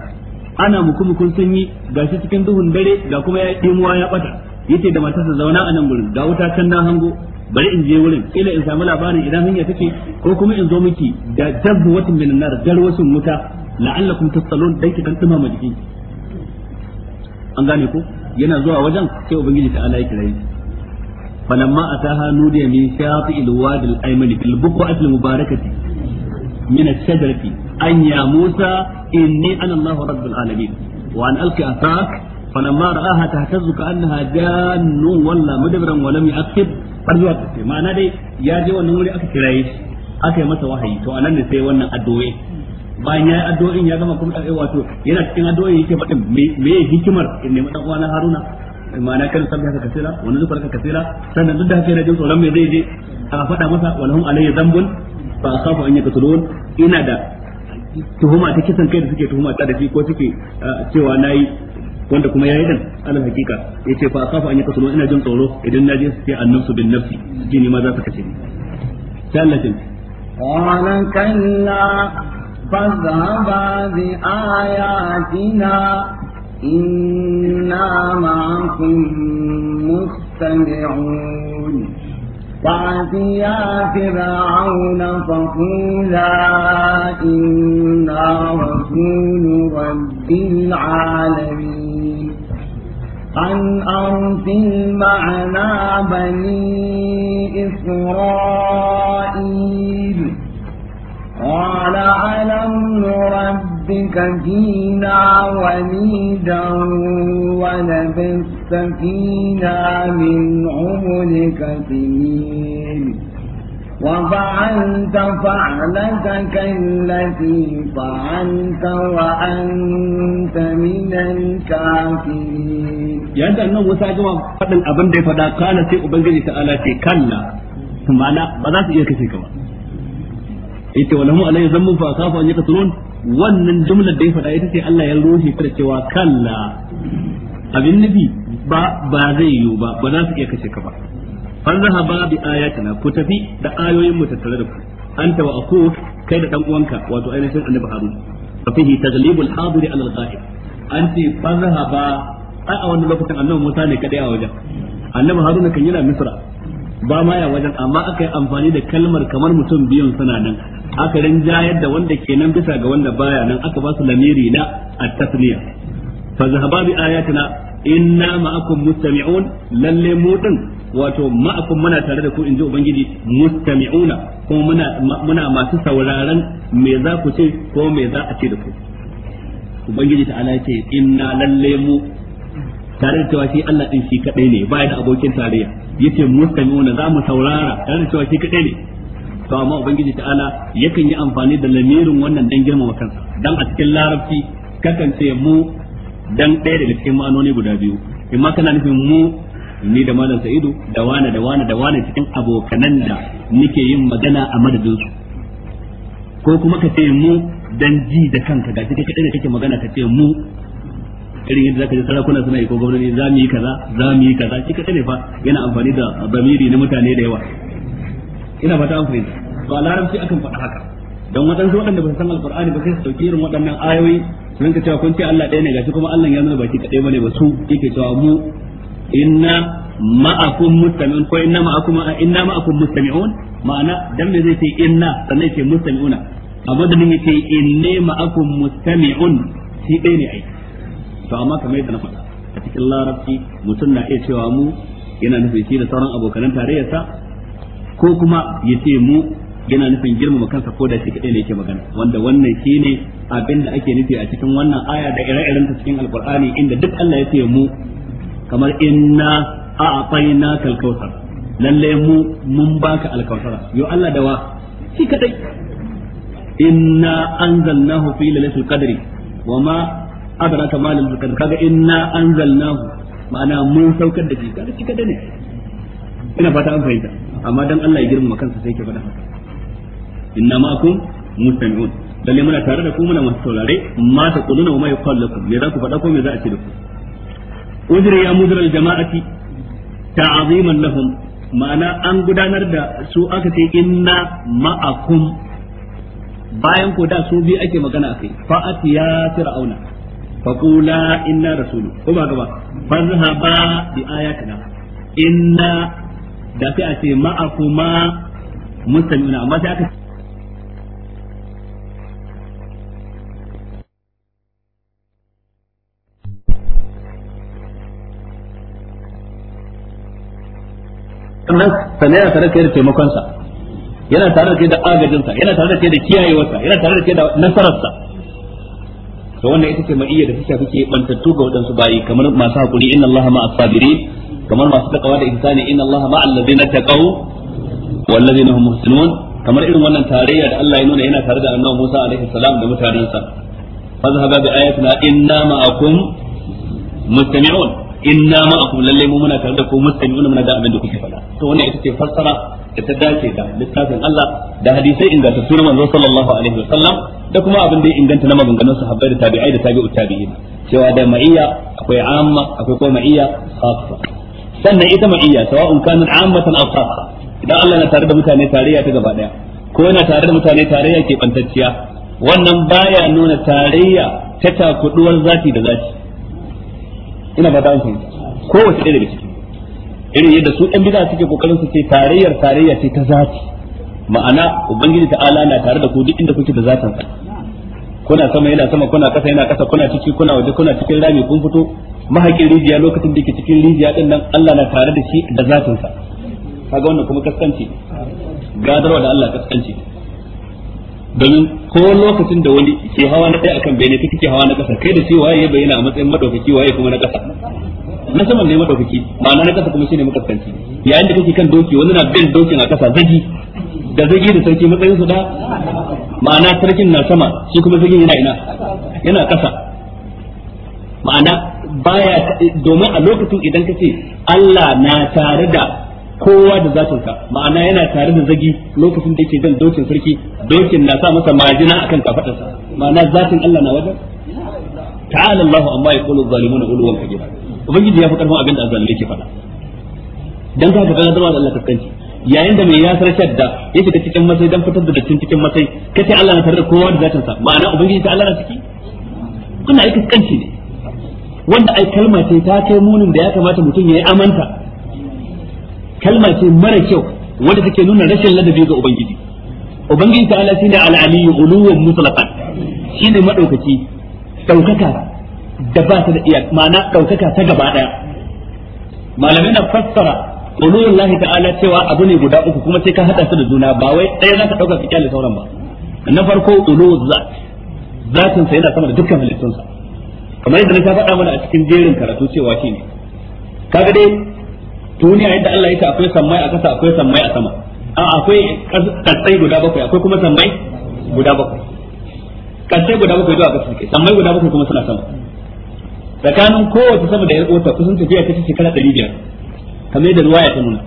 ana mukumukun sanyi gashi cikin duhun dare ga kuma ya dimuwa ya bata yace da matarsa zauna a nan gurin ga wuta can na hango bari in je wurin ila in samu labarin idan hanya take ko kuma in zo miki da dabbu watan min nar wasu wuta la'allakum tasalun dan ki dan dumama jiki an gane ko yana zuwa wajen sai ubangiji ta alai kirai falamma ataha nudiya min shafi'il wadi aymani bil buq'ati al-mubarakati min ash-shajarati أن ya Musa inni ana Allah rabbul alamin wa an alqi asak falamma ra'aha tahtazzu ka'annaha jannu walla mudbiran wa lam ما farzuwa ce ma'ana dai ya je wannan wuri aka kiraye shi aka masa wahayi to wannan bayan ya yi addu'o'in ya gama kuma ɗaya eh, wato yana cikin addu'o'in yake faɗin me hikimar in nemi ɗan uwana Haruna ma'ana kan sabbi haka kasira wani zuwa haka kasira sannan duk da haka yana jin tsoron me zai je a faɗa masa walhum alayya zambun fa akhafu an yakutulun ina da tuhuma ta kisan kai da suke tuhuma ta da ko suke ah, cewa nayi wanda kuma yayi dan alal hakika yace fa kafa an yakasulu ina jin tsoro idan naji su ce annasu bin nafsi ji ne ma za su kace ni sai Allah kanna qala bi ayatina inna ma'akum mustami'un فأتيا فرعون فقولا إنا رسول رب العالمين أن أرسل معنا بني إسرائيل قال ألم نربك فينا وليدا ولبثت السكينة من عمرك سنين وفعلت فعلتك التي فعلت وأنت من الكافرين يا أنه موسى جواب قبل الأبن دي فدا قال سي أبنجي تعالى كلا ثم أنا بذات إياك سيكوا ita wala mu alai zammun fa kafa an yaqtulun wannan jumlar da ya faɗa ita ce Allah ya rushe ta cewa kalla abin nufi ba ba zai yiwu ba ba za su iya kashe ka ba an zahaba bi ayatina ku tafi da ayoyin mu tattare da ku anta wa aku kai da dan uwanka wato ainihin annabi harun fa fihi taglibul hadiri ala al-ghaib an ce fazahaba ba. a wannan lokacin annabi musa ne kadai a wajen annabi harun kan yana misra ba ma ya wajen amma aka yi amfani da kalmar kamar mutum biyun suna nan aka rinjayar da wanda ke nan bisa ga wanda baya nan aka ba su lamiri na at-tasliya fa zahaba bi ayatina inna ma'akum mustami'un lalle mu din wato ma'akum muna tare da ku inji ubangiji mustami'una ko muna muna masu sauraron me za ku ce ko me za a ce da ku ubangiji ta'ala ala ce inna lalle mu tare da cewa shi Allah din shi kadai ne ba da abokin tarayya yace mustami'una za mu saurara tare da cewa shi kadai ne to amma ubangiji ta'ala yakan yi amfani da lamirin wannan dan girma kansa dan a cikin larabci kakan ce mu dan ɗaya daga cikin ma'anoni guda biyu in ma kana nufin mu ni da malam sa'idu da wani da wani da wani cikin abokanan da nike yin magana a madadin su ko kuma ka ce mu dan ji da kanka ga cikin kaɗai da kake magana ka ce mu irin yadda zaka ji sarakuna suna yi ko gwamnati za mu yi kaza za mu yi kaza shi kaɗai ne fa yana amfani da bamiri na mutane da yawa ina fata an fahimta ba larabci akan faɗa haka don waɗansu waɗanda ba su san alƙur'ani ba sai su ɗauki irin waɗannan ayoyi ka cewa kun ce Allah ɗaya ne gashi kuma Allah ya nuna baki kaɗai bane ba su yake cewa mu inna ma'akum mustami'un ko inna ma'akum inna ma'akum mustami'un ma'ana dan me zai ce inna sannan ce mustami'una amma da nan yace inna ma'akum mustami'un shi ɗaya ne ai to amma kamar yadda na faɗa a cikin larabci mutum na iya cewa mu yana nufin shi da sauran abokan tarayyarsa ko kuma yace mu yana nufin girmama kansa ko da shi kadai ne yake magana wanda wannan shine abin da ake nufi a cikin wannan aya da ire-iren ta cikin alqur'ani inda duk Allah ya ce mu kamar inna a'tayna kal kautsar lalle mu mun baka alkausara yo Allah da wa shi kadai inna anzalnahu fi lailatul qadri wama adraka ma lailatul qadri kaga inna anzalnahu ma'ana mun saukar da shi kaga shi kadai ne ina fata an fahimta amma dan Allah ya girmama kansa sai ke faɗa haka inna ma kun mustami'un lalle muna tare da ku muna masu saurare ma ta quluna wa mai yuqalu lakum me za ku faɗa ko me za a ce da ku ujri ya mudral jama'ati ta'ziman lahum ma'ana an gudanar da su aka ce inna ma'akum bayan ko da su bi ake magana akai fa atiya fir'auna fa qula inna rasulu ko ba gaba fazhaba bi ayatina inna da sai a ce ma'akuma mustami'una amma sai aka sannan sannan yana tare da kai da taimakonsa yana tare da kai da agajinsa yana tare da kai da kiyayewarsa yana tare da kai da nasararsa to wannan ita ce ma'iyya da ta shafi ke bantattu ga waɗansu bayi kamar masu hakuri inna Allah ma as kamar masu takawa da insani inna Allah ma allazina taqaw wal ladina hum muhsinun kamar irin wannan tarayya da Allah ya nuna yana tare da Annabi Musa alaihi salam da mutanansa fazhaba bi ayatina inna ma'akum mustami'un inna ma'akum lalle mu muna tare da ku mustami'una muna da abin da kuke faɗa to wannan ita ce fassara da ta dace da littafin Allah da hadisai inganta sunan manzo sallallahu alaihi wa sallam da kuma abin da ya inganta na maganganun sahabbai da tabi'ai da tabi'ut tabi'in cewa da ma'iyya akwai amma akwai kuma ma'iyya khassa sannan ita ma'iyya sawa'un kanat ammatan aw khassa idan Allah na tare da mutane tarayya ta gaba daya ko yana tare da mutane tarayya ke bantacciya wannan baya nuna tarayya ta takuduwar zati da zati ina ba an fahimta kowace ɗaya daga ciki irin yadda su ɗan bid'a suke kokarin su ce tarayyar tarayya ce ta zati ma'ana ubangiji Ala na tare da ku duk inda kuke da zatan sa kuna sama yana sama kuna kasa yana kasa kuna ciki kuna waje kuna cikin rami kun fito mahaƙin rijiya lokacin da yake cikin rijiya din nan Allah na tare da shi da zatin sa kaga wannan kuma kaskanci gadarwa da Allah kaskanci domin ko lokacin da wani ke hawa na ɗaya akan bene kake hawa na ƙasa kai da cewa wa'ye bayyana a matsayin madaukaki waye kuma na ƙasa na saman ne madaukaki ma'ana na ƙasa kuma shine makaskanci yayin da kake kan doki wani na bin dokin a ƙasa zagi da zagi da sarki matsayin su da ma'ana sarkin na sama shi kuma zagin yana ina yana ƙasa ma'ana baya domin a lokacin idan kace Allah na tare da kowa da zatin sa ma'ana yana tare da zagi lokacin da yake zan dokin sarki dokin na sa masa majina akan kafadarsa ma'ana zatin Allah na wajen ta'ala Allah amma yaqulu zalimuna ulwan kabira ubangiji ya fi karfin abin da azzalimi ke faɗa dan ka ga zama da Allah kaskanci yayin da mai yasar shadda ya shiga cikin masai dan fitar da dattin cikin masai kace Allah na tare da kowa da zatin sa ma'ana ubangiji ta Allah na ciki kuna aika kaskanci ne wanda ai kalma ce ta kai munin da ya kamata mutum ya yi amanta kalma ce mara kyau wanda take nuna rashin ladabi ga ubangiji ubangiji ta'ala shine al-aliyyu uluwan mutlaqan shine madaukaki daukaka da ba ta da iya ma'ana daukaka ta gaba daya malamai na fassara uluwan ta'ala cewa abu ne guda uku kuma sai ka hada su da juna ba wai ɗaya zaka ɗauka dauka ka kyale sauran ba na farko uluwan zat zatin sa yana sama da dukkan halittunsa kamar yadda na ta faɗa mana a cikin jerin karatu cewa shine kaga dai duniya yadda Allah yake akwai sammai a kasa akwai sammai a sama a akwai kasai guda bakwai akwai kuma sammai guda bakwai kasai guda bakwai zuwa ga suke sammai guda bakwai kuma suna sama tsakanin kowace sama da yarkota kusan tafiya ta shekara ɗari biyar kamar yadda ruwa ya ta nuna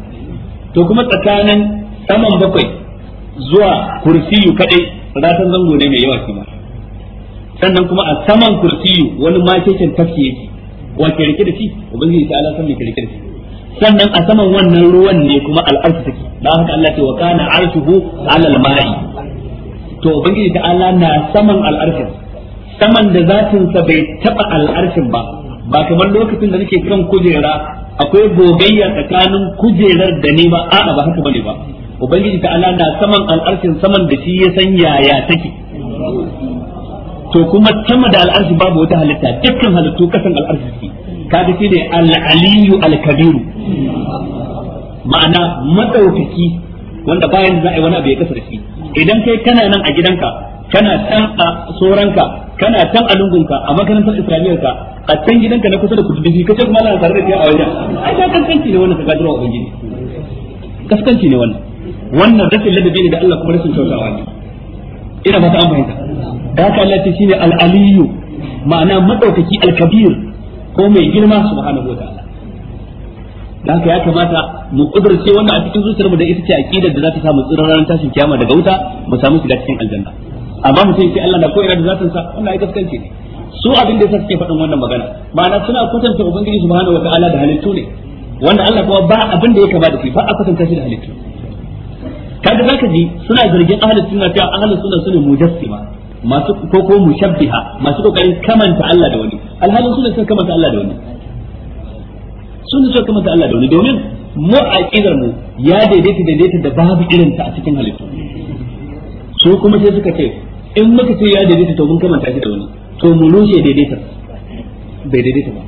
to kuma tsakanin saman bakwai zuwa kursiyu kadai ratan zango ne mai yawa kima sannan kuma a saman kursiyu wani makekin tafki yake wace rike da shi ubangiji ta ala san me rike da shi sannan a saman wannan ruwan ne kuma al'arsu take dan haka Allah ce wa kana arshuhu ala al-ma'i to ubangiji ta Allah na saman al'arshin saman da zatin sa bai taba al'arshin ba ba kamar lokacin da nake kan kujera akwai gogayya tsakanin kujerar da ni ba a'a ba haka bane ba ubangiji ta Allah na saman al'arshin saman da shi ya san yaya take to kuma sama da al'arshi babu wata halitta dukkan halittu kasan al'arshi suke kaga ne al-aliyu al-kabiru ma'ana madaukaki wanda bayan za a yi wani abu ya kasar shi idan kai kana nan a gidanka kana tan a soranka kana tan a lungunka a makarantar islamiyyar ka a can gidanka na kusa da kudubi kace kuma Allah ya da kai a wajen ai ka kaskanci ne wannan ka gadarwa ubangiji kaskanci ne wannan wannan rashin ladabi ne da Allah kuma rashin tausawa ne ina ba ta amfani da haka Allah ce shine al Aliyu ma'ana madaukaki al-kabir ko mai girma subhanahu wa ta'ala da haka ya kamata mu kudurce wannan a cikin zuciyar mu da ita ce aqidar da za ta samu tsirran ranar tashin kiyama daga wuta mu samu shiga cikin aljanna amma mutum sai Allah na ko ina da zatin sa wannan ai gaskance ne su abin da yasa suke faɗin wannan magana ma'ana suna kwatanta ubangiji subhanahu wataala da halittu ne wanda Allah kuma ba abin da ya kamata da shi ba a kwatanta shi da halittu kaga zaka ji suna zargin ahlus sunna cewa ahlus sunna sune mujassima masu ko ko mushabbiha masu kokarin kamanta Allah da wani alhalin suna suka kamanta Allah da wani suna suka kamanta Allah da wani domin mu kidar mu ya daidaita daidaita da babu irin ta a cikin halittu su kuma sai suka ce in muka ce ya daidaita to mun kamanta shi da wani to mu lushe daidaita bai daidaita ba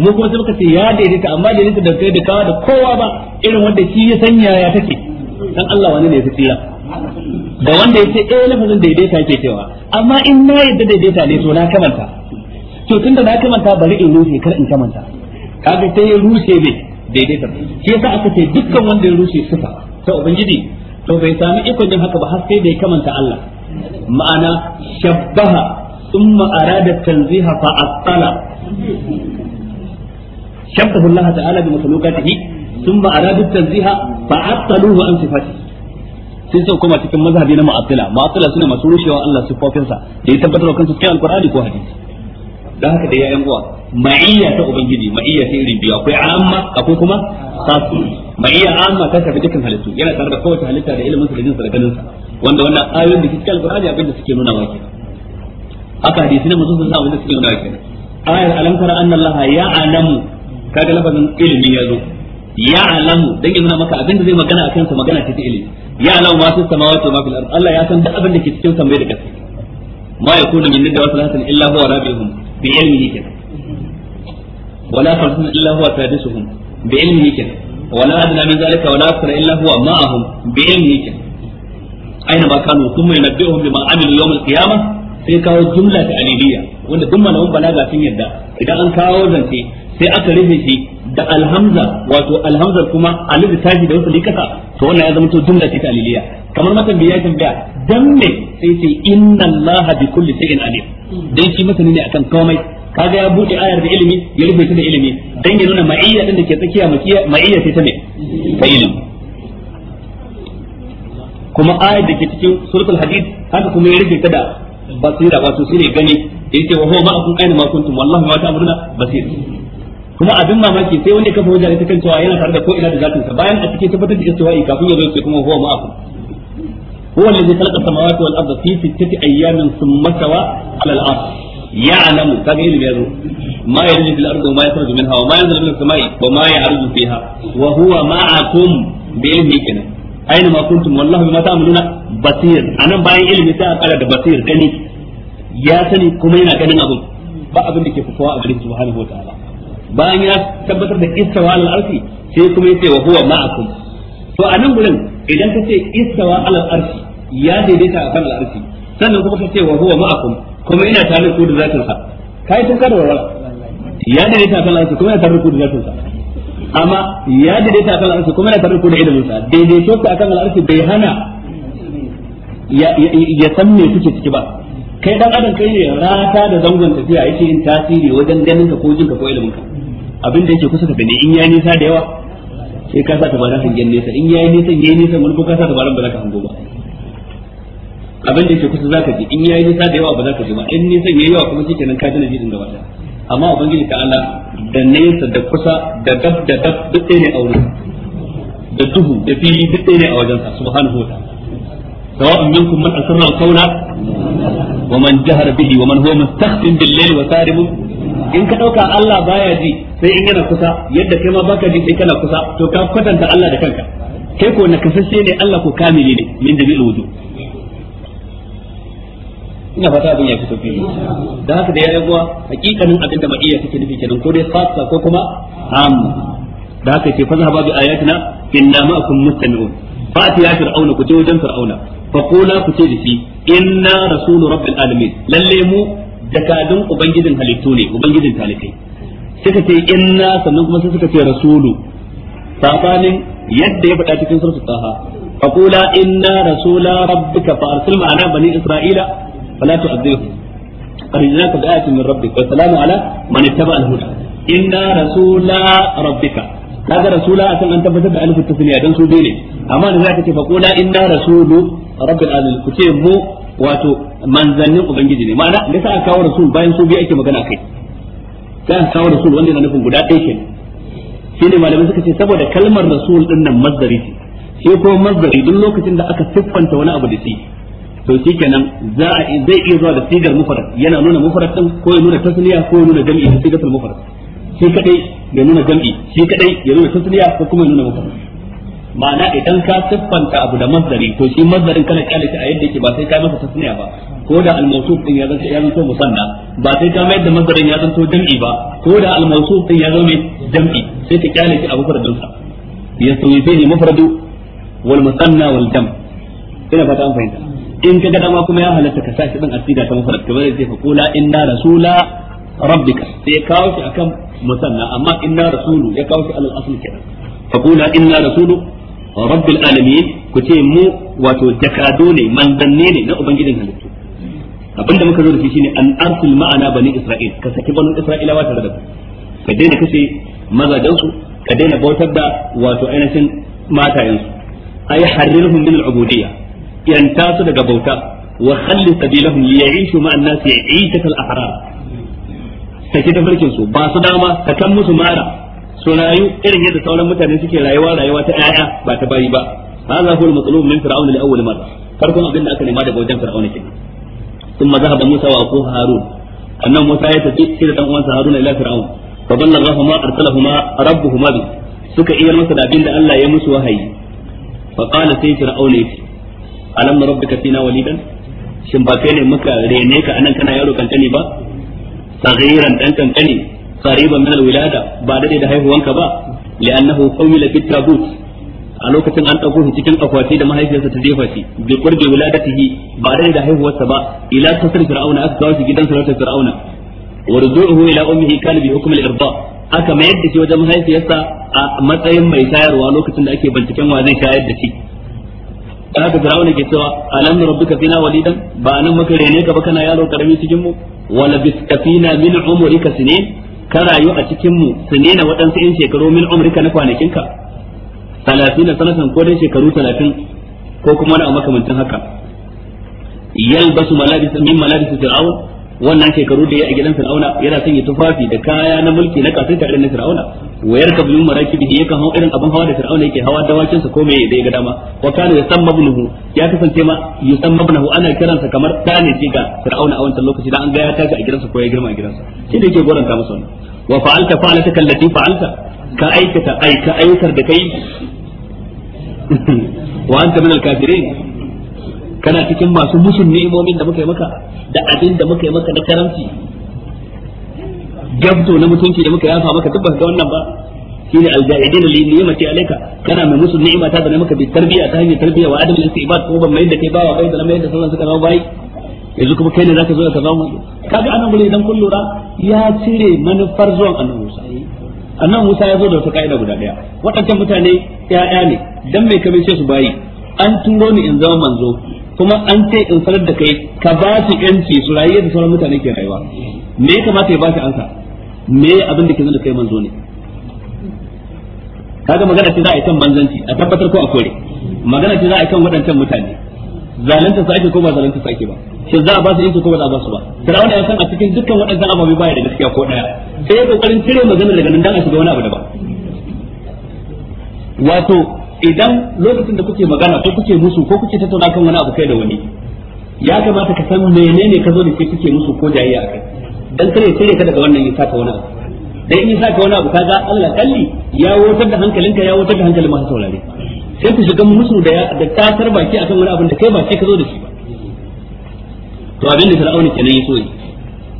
mu kuma sai muka ce ya daidaita amma daidaita da kai da kawa da kowa ba irin wanda shi ya sanya ya take dan Allah wani ne ya fi tsira da wanda ya ce eh lafazin daidaita yake cewa amma in na yadda daidaita ne to na kamanta to tunda na kamanta bari in rushe kar in kamanta kaga sai ya rushe ne daidaita shi yasa aka ce dukkan wanda ya rushe sifa to ubangiji to bai sami ikon yin haka ba har sai da ya kamanta Allah ma'ana shabbaha thumma arada tanziha fa aqala shabbahu Allah ta'ala bi makhluqatihi thumma arada tanziha fa asaluhu an sifatihi sai suka koma cikin mazhabi na mu'attila mu'attila suna masu rushewa Allah sifofinsa da ya tabbatar kansu cikin alqur'ani ko hadisi dan haka da yayan uwa ma'iyya ta ubangiji ma'iyya ta irin biyu akwai amma akwai kuma khasu ma'iyya amma ta tafi dukkan halittu yana tare da kowace halitta da ilimin da jinsa da ganin sa wanda wannan ayoyin da cikin alqur'ani abin da suke nuna wa kenan haka hadisi na manzon sallallahu alaihi wasallam suke nuna wa ke. ayar alam tara anna allaha ya'lamu kaga lafazin ilimi ya zo ya'lamu dan ya nuna maka abin da zai magana akan sa magana ce ta ilimi ya alau ma fis samawati wa ma Allah ya san duk abin da ke cikin sammai da gaske. ma yakunu min nidda wa salatin illa huwa rabbihum bi ilmihi kana wala farsun illa huwa sadisuhum bi ilmihi kana wala adna min zalika wala akthara illa huwa ma'ahum bi ilmihi kana aina ma kanu thumma yunabbi'uhum bima amilu yawm al-qiyamah sai kawo jumla ta aliliya wanda duk malamin balaga sun yadda idan an kawo zance sai aka rufe shi da alhamza wato alhamza kuma alif ji da wasali kasa to wannan ya zama to jumla ce ta aliliya kamar matan biya tambaya dan me sai sai inna allaha bi kulli shay'in alim dan shi masani ne akan komai kaga ya bude ayar da ilimi ya rubuta da ilimi dan ya nuna ma'iyya din da ke tsakiya ma'iyya ce ta me ta ilimi kuma ayar da ke cikin suratul hadid haka kuma ya rubuta da basira wato shine gani yace wa huwa ma'akum aina ma kuntum wallahu ma ta'maluna basir kuma abin mamaki sai wanda kafa wajen ita kan cewa yana tare da ko ina da zatin sa bayan a cikin tabbatar da istiwa'i kafin ya zo ce kuma huwa ma'akum huwa allazi khalaqa samawati wal arda fi sittati ayyamin thumma tawa 'ala al-'arsh ya'lamu kaga ilmi yazo ma yalju fil ardi wa ma yakhruju minha wa ma yanzilu min as-sama'i wa ma ya'ruju fiha wa huwa ma'akum bi ilmi aina ma kuntum wallahu bima ta'maluna basir anan bayan ilimi sai a kara da basir gani ya sani kuma yana ganin abin ba abin da ke fitowa a garin subhanahu wa ta'ala bayan ya tabbatar da istawa alal arshi sai kuma yace wa huwa ma'akum to a nan gurin idan ka ce istawa alal arshi ya daidaita akan al arshi sannan kuma ka ce wa huwa ma'akum kuma ina tare ku da zakin sa kai tun kada wa ya daidaita akan al arshi kuma ina tare ku da zakin sa amma ya daidaita akan al arshi kuma ina tare ku da idanun sa daidaito ka akan al arshi bai hana ya san me kuke ciki ba kai dan adam kai ne rata da zangon tafiya yake yin tasiri wajen ganin ka ko jin ka ko ilimin ka abin da yake kusa da bane in yayi nisa da yawa sai ka sa tabaran ka gyan nesa in yayi nisa yayi nisa mun ko ka sa tabaran ba za ka hango ba abin da yake kusa zaka ji in yayi nisa da yawa ba za ka ji ba in nisa yayi yawa kuma shikenan ka ji din gaba amma ubangiji ta Allah da nesa da kusa da dab da dab duk ɗaya ne a wurin da duhu da fili duk ɗaya ne a wajen sa subhanahu wa ta'ala سواء wa man jahara bihi wa man huwa mustakhfin bil-layli wa وسارب in ka dauka Allah baya ji sai in yana kusa yadda kai ma baka ji sai kana kusa to ka kwatanta Allah da kanka kai ko na kasance ne Allah ko kamili ne min jami'il wudu ina fata abin ya fito fili da haka da ya rabuwa hakikanin abin da ma'iyya take nufi kenan ko dai fasa ko kuma am da haka ce fa zahaba bi ayatina inna ma'akum mustami'un fati ya fir'auna ku je wajen fir'auna fa qula ku ce da inna rasulu rabbil alamin lalle mu jakadun ubangijin halittu ne ubangijin talikai suka ce inna sannan kuma sai suka ce rasulu sabanin yadda ya faɗa cikin surtu taha faqula inna rasula rabbika fa arsil ma'ana bani isra'ila fala tu'adhibhum arjinaka bi ayatin min rabbik wa salamu ala man ittaba'a al-huda inna rasula rabbika kaga rasula akan an tabbatar da alif tasniya dan su ne amma da zaka ce faqula inna rasulu rabbil alamin ku ce mu wato manzannin ubangiji ne ma'ana da sa kawo rasul bayan su biya ake magana kai sai kawo rasul wanda yana nufin guda ɗaya kenan shi ne malamai suka ce saboda kalmar rasul din nan mazdari ce shi kuma mazdari duk lokacin da aka siffanta wani abu da shi to shi kenan za a zai iya zuwa da sigar mufarad yana nuna mufarad din ko ya nuna tasliya ko ya nuna jam'i da sigar mufarad shi kadai ya nuna jam'i shi kadai ya nuna tasliya ko kuma ya nuna mufarad ma'ana idan ka siffanta abu da masdari to shi masdarin kana kyale a yadda yake ba sai ka masa tasniya ba ko da al-mawsuf din ya zanta ya zanto musanna ba sai ka mayar da masdarin ya zanto jam'i ba ko da al-mawsuf din ya zama jam'i sai ka kyale shi a mufradin sa yasawi fihi mufradu wal musanna wal jam' ina fata an fahimta in kaga dama kuma ya halatta ka sashi din asida ta mufrad kamar yadda ya kula inna rasula rabbika sai ya kawo shi akan musanna amma inna rasulu ya kawo shi asl kenan rabbil alamin ku ce mu wato jakado ne manzanne ne na ubangijin halittu abinda muka zo da shi shine an arsil ma'ana bani isra'il ka saki bani isra'ilawa tare da ku ka daina kashe mazajensu ka daina bautar da wato ainihin matayensu ay harrirhum min al-ubudiyya yanta daga bauta wa khalli sabilahum li ya'ishu ma'an nasi 'ishatal ahrar saki tafarkin su ba su dama ka kan musu mara so na yi irin yadda sauran mutane suke rayuwa rayuwa ta ƴaƴa ba ta bayi ba hadha huwa al-matlub min fir'auna li awwal marra farkon abin da aka nema daga wajen fir'auna kenan thumma zahaba musa wa aqu harun annan musa ya tafi shi da dan uwansa harun ila fir'aun fa ma arsalahuma rabbuhuma bi suka iya masa da abin da Allah ya musu wahayi fa qala sai fir'auna yi alam rabbika fina walidan shin ba kai ne muka rene ka anan kana yaro kankani ba sagiran dan kankani qariban min al-wilada ba dade da haihuwanka ba li'annahu qawila fi tabut a lokacin an dauko shi cikin akwati da mahaifiyarsa ta jefa shi bi qurbi wiladatihi ba dade da haihuwarsa ba ila kasar fir'auna aka kawo shi gidan sarautar fir'auna wa rudu'uhu ila ummihi kana bi hukm al-irda aka mayar da shi wajen mahaifiyarsa a matsayin mai shayarwa lokacin da ake binciken wa zai shayar da shi da haka ke cewa alam rabbuka fina walidan ba nan muka rene ka ba kana yaro karami cikin mu wala biskafina min umrika sinin ka rayu a cikin mu nena waɗansu yan shekaru min umrika na kwanakinka talatin da sanatan ko dai shekaru talatin ko kuma wani makamancin haka basu malabis min malabis fir'aun wannan shekaru da ya a gidan fir'auna yana sanya tufafi da kaya na mulki na kasar tare na fir'auna wayar ka bin maraki ya kan hawa irin abin hawa da fir'auna yake hawa dawakin sa ko me da ya ga dama wa kana yusamma ibnuhu ya kasance ma yusamma ibnuhu ana kiransa kamar da ne ga fir'auna a wancan lokaci da an ga ya tashi a gidansa ko ya girma a gidansa shi da yake goranta masa wannan wa fa'alta fa'alataka kallati fa'alta ka aikata aika ka aikar da kai wa anta min al-kafirin kana cikin masu musun ni'imomin da muka yi maka da abin da muka yi maka na karamci gabto na mutunci da muka yafa maka tabbata ga wannan ba Shi shine aljahidin li ni'mati alayka kana mai musu ni'ima ta da maka bi tarbiya ta hanyar tarbiya wa adam istibad ko ban mai da kai bawa bai da mai da sauran suka zama bai yanzu kuma kai ne zaka zo ka zama kaga anan gure idan kun lura ya cire manufar zuwan annabi Musa annabi Musa ya zo da wata kaida guda daya waɗancan mutane ƴaƴa ne dan mai kamar sai su bayi an turo ni in zama manzo kuma an ce in sanar da kai ka ba su yanci su rayu da sauran mutane ke rayuwa me ya kamata ya ba shi ansa me abin da ke nuna kai manzo ne kaga magana ce za a yi kan manzanci a tabbatar ko a kore magana ce za a yi kan waɗancan mutane zalunta su ake ko ba zalunta su ake ba shin za a ba su yanki ko ba za a ba su ba firawuna ya san a cikin dukkan waɗannan ababe baya da gaskiya ko ɗaya sai ya kokarin cire magana daga nan dan a shiga wani abu daban wato idan lokacin da kuke magana ko kuke musu ko kuke tattauna kan wani abu kai da wani ya kamata ka san menene ka zo da ke kuke musu ko jayayya kai dan kare cire ka daga wannan ya ka wani abu dan in ka wani abu kaga Allah kalli ya wutar da hankalinka ya wutar da hankalin masu saurare sai ku shiga musu da da tasar baki akan wani abin da kai ba sai ka zo da shi ba to abin da fir'auna kenan yaso so yi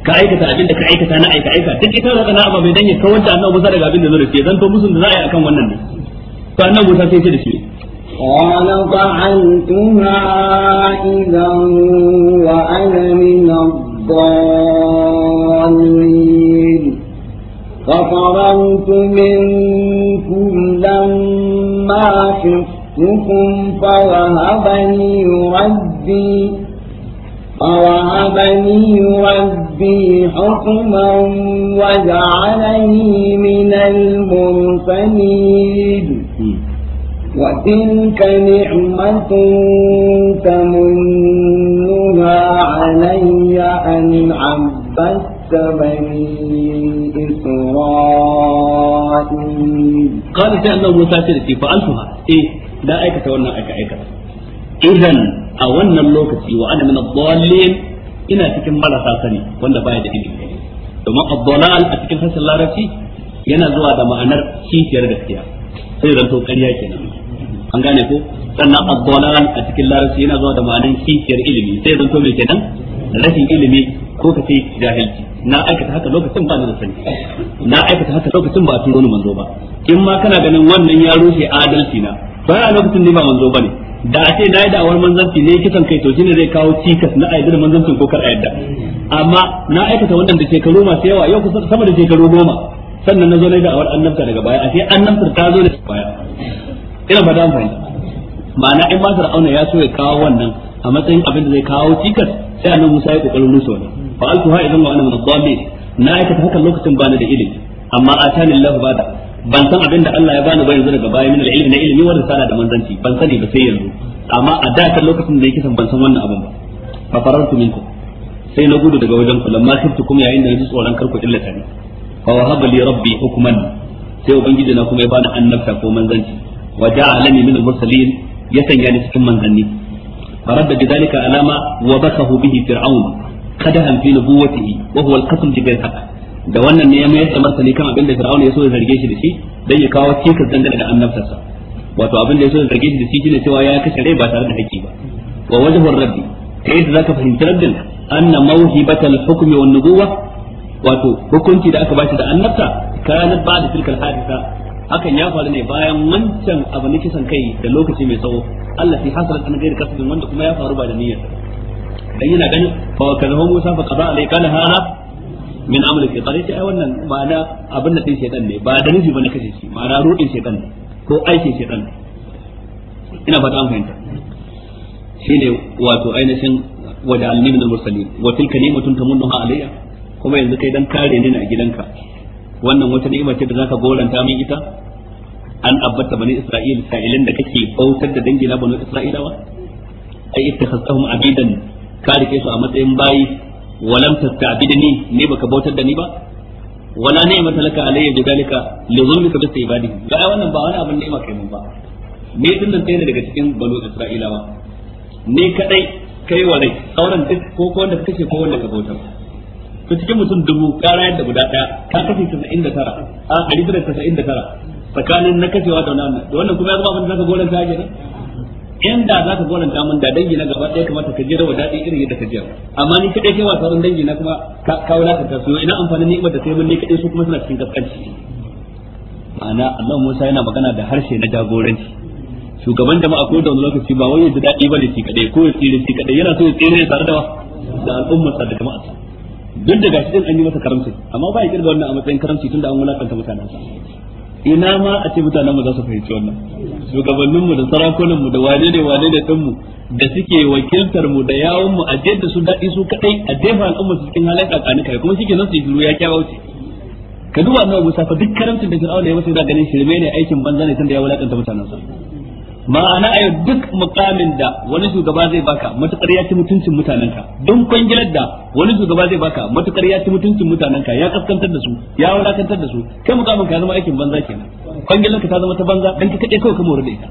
ka aikata abin da ka aikata na aika aika duk ita zaka na abu mai dan ya kawar da annabi Musa daga abin da zo da shi zan to musu da za a yi akan wannan ne to annabi Musa sai ce da shi قال فعلتها إذا وأنا من الضالين ففررت منكم لما خفتكم فوهبني ربي فوهبني ربي حكما وجعلني من المرسلين وتلك نعمة تمنها علي أن عبدت بني إسرائيل قال سي أنه موسى سيدتي فألتها إيه لا أيك تولنا أيك أيك إذن أولنا ina cikin marasa sani wanda baya da ilimi domin a cikin larabci yana zuwa da ma'anar sai an gane ko sannan abdolal a cikin larabci yana zuwa da ma'anar kishiyar ilimi sai zanto mai rashin ilimi ko ka ce jahilci na aikata haka lokacin ba ni da sani na aikata haka lokacin ba a turo ni manzo ba in ma kana ganin wannan ya rushe adalci na ba a lokacin ne ba manzo ne. da a ce na yi da'awar manzanci ne kisan kai to shine zai kawo cikas na a yi ayyadar manzancin ko kar a yadda amma na aikata wannan da shekaru masu yawa yau kusa sama da shekaru goma sannan na zo na yi da'awar annabta daga baya a ce annabtar ta zo daga baya ina ba dan fahimta ma'ana in ma sarauna ya so ya kawo wannan a matsayin abin da zai kawo cikas sai annabi Musa ya kokarin rusa wannan fa alkuha idan wa ana min adh na aikata hakan lokacin ba ni da ilimi amma atani Allah bada ban san abin da Allah ya bani ba yanzu daga baya min ilimi na ilimi wa risala da manzanci ban sani ba sai yanzu amma a da kan lokacin da yake san ban san wannan abin ba fa farartu minkum sai na gudu daga wajen ku lamma kuma yayin da naji tsoron karku illata ni fa wahaba li rabbi hukman sai ubangiji na kuma ya bani annabta ko manzanci wa ja'alani min al-mursalin ya sanya ni cikin manzanni فرد بذلك على ما وبخه به فرعون قدها في نبوته وهو القتل بغير حق da wannan ne ya mayar da martani kan abin da fir'auna ya so ya zarge shi da shi dan ya kawo cikas dangane da annabtarsa wato abin da ya so ya zarge shi da shi shine cewa ya kashe rai ba tare da haƙƙi ba wa wajhu rabbi ta yadda zaka fahimci rabbin anna mawhibatal hukmi wan nubuwa wato hukunci da aka bashi da annabta ba da tilkal hadisa hakan ya faru ne bayan wancan abu na kisan kai da lokaci mai tsawo Allah fi hasalat an gairi kasbin wanda kuma ya faru ba da niyyar dan yana ganin fa ho Musa fa qada alai kana hana min amali fi qadati ai wannan ba da abin da din shedan ne ba da nufi bane kace shi ma da rudin shedan ne ko aikin shedan ne ina fata an fahimta shine wato ainihin wada almin al mursalin wa tilka ni'matun tamunnuha alayya kuma yanzu kai dan kare ni na gidanka wannan wata ni'ima ce da zaka goranta min ita an abbata bani isra'il sa'ilin da kake bautar da dangina bani isra'ilawa ai ittakhassahum abidan ka rike su a matsayin bayi walam tasta'bidni ne baka bautar da ni ba wala ni'mata laka alayya bidalika dalika li zulmika bi ibadi ga wannan ba wani abin ni'ima kai mun ba ne din nan tsaye daga cikin bani isra'ilawa ne kadai kai wa rai sauran duk ko ko wanda kake ko wanda ka bautar ta cikin mutum dubu kara yadda guda daya ka kashe 99 a 199 tsakanin na kashewa da wannan da wannan kuma ya zama abin da zaka goran ta ne inda zaka goran ta mun da dangi na gaba ɗaya kamata ka jira wa daɗi irin yadda ka jira amma ni kadai kai wasan dangi na kuma ka wulaka ta su ina amfanin ni'imar da kai mun ni kadai su kuma suna cikin gaskanci ma'ana Allah Musa yana magana da harshe na jagoranci shugaban jama'a ko da wani lokaci ba wai ya ji daɗi ne shi kaɗai ko ya tsire shi kaɗai yana so ya tsire tare da da al'ummar sa da jama'a duk da gashi din an yi masa karamci amma ba ya kirga wannan a matsayin karamci tunda an wulakanta mutanen sa ina ma a ce mutanen mu za su fahimci wannan shugabannin mu da sarakunan mu da wane ne wane ne din mu da suke wakiltar mu da yawon mu a da su dadi su kadai a jefa al'umma su cikin halin kakani kai kuma shike nan su yi ya kyawo ce ka duba annabi Musa fa duk karamcin da Fir'auna ya masa da ganin shirme ne aikin banza ne tunda ya wulakanta mutanen sa ma'ana a duk mukamin da wani shugaba zai baka matukar ya ci mutuncin mutanenka don kwangilar da wani shugaba zai baka matukar ya ci mutuncin mutanenka ya kaskantar da su ya wadatantar da su kai mukamin ka zama aikin banza kenan kwangilar ka ta zama ta banza dan ka kade kawai ka more da ita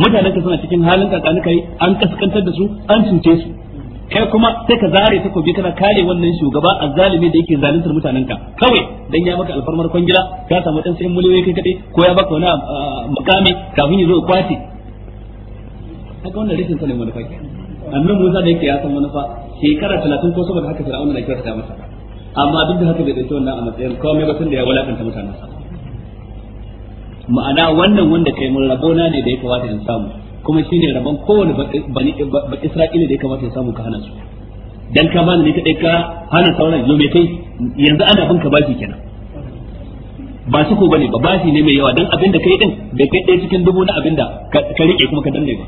mutanenka suna cikin halin kakani kai an kaskantar da su an cuce su kai kuma sai ka zare ta kobi kana kare wannan shugaba azzalimi da yake zaluntar mutanenka kawai dan ya maka alfarmar kwangila ka samu dan sai muliyoyi kai kade ko ya baka wani ah, mukami kafin ya zo kwace haka wannan rikin sanin manufa ke annan Musa da yake ya san manufa shekara talatin ko sama da haka Fir'auna na kira ta masa amma duk da haka bai dace wannan a matsayin komai ba da ya walakanta mutanen sa ma'ana wannan wanda kai mun rabona ne da ya kamata in samu kuma shine rabon kowane bani Isra'ila da ya kamata in samu ka hana su dan ka bani ne kadai ka hana sauran yau me kai yanzu ana bin ka baki kenan ba su ko bane ba bashi ne mai yawa dan abin da kai din bai kai ɗaya cikin dubu na abin da ka rike kuma ka danne ba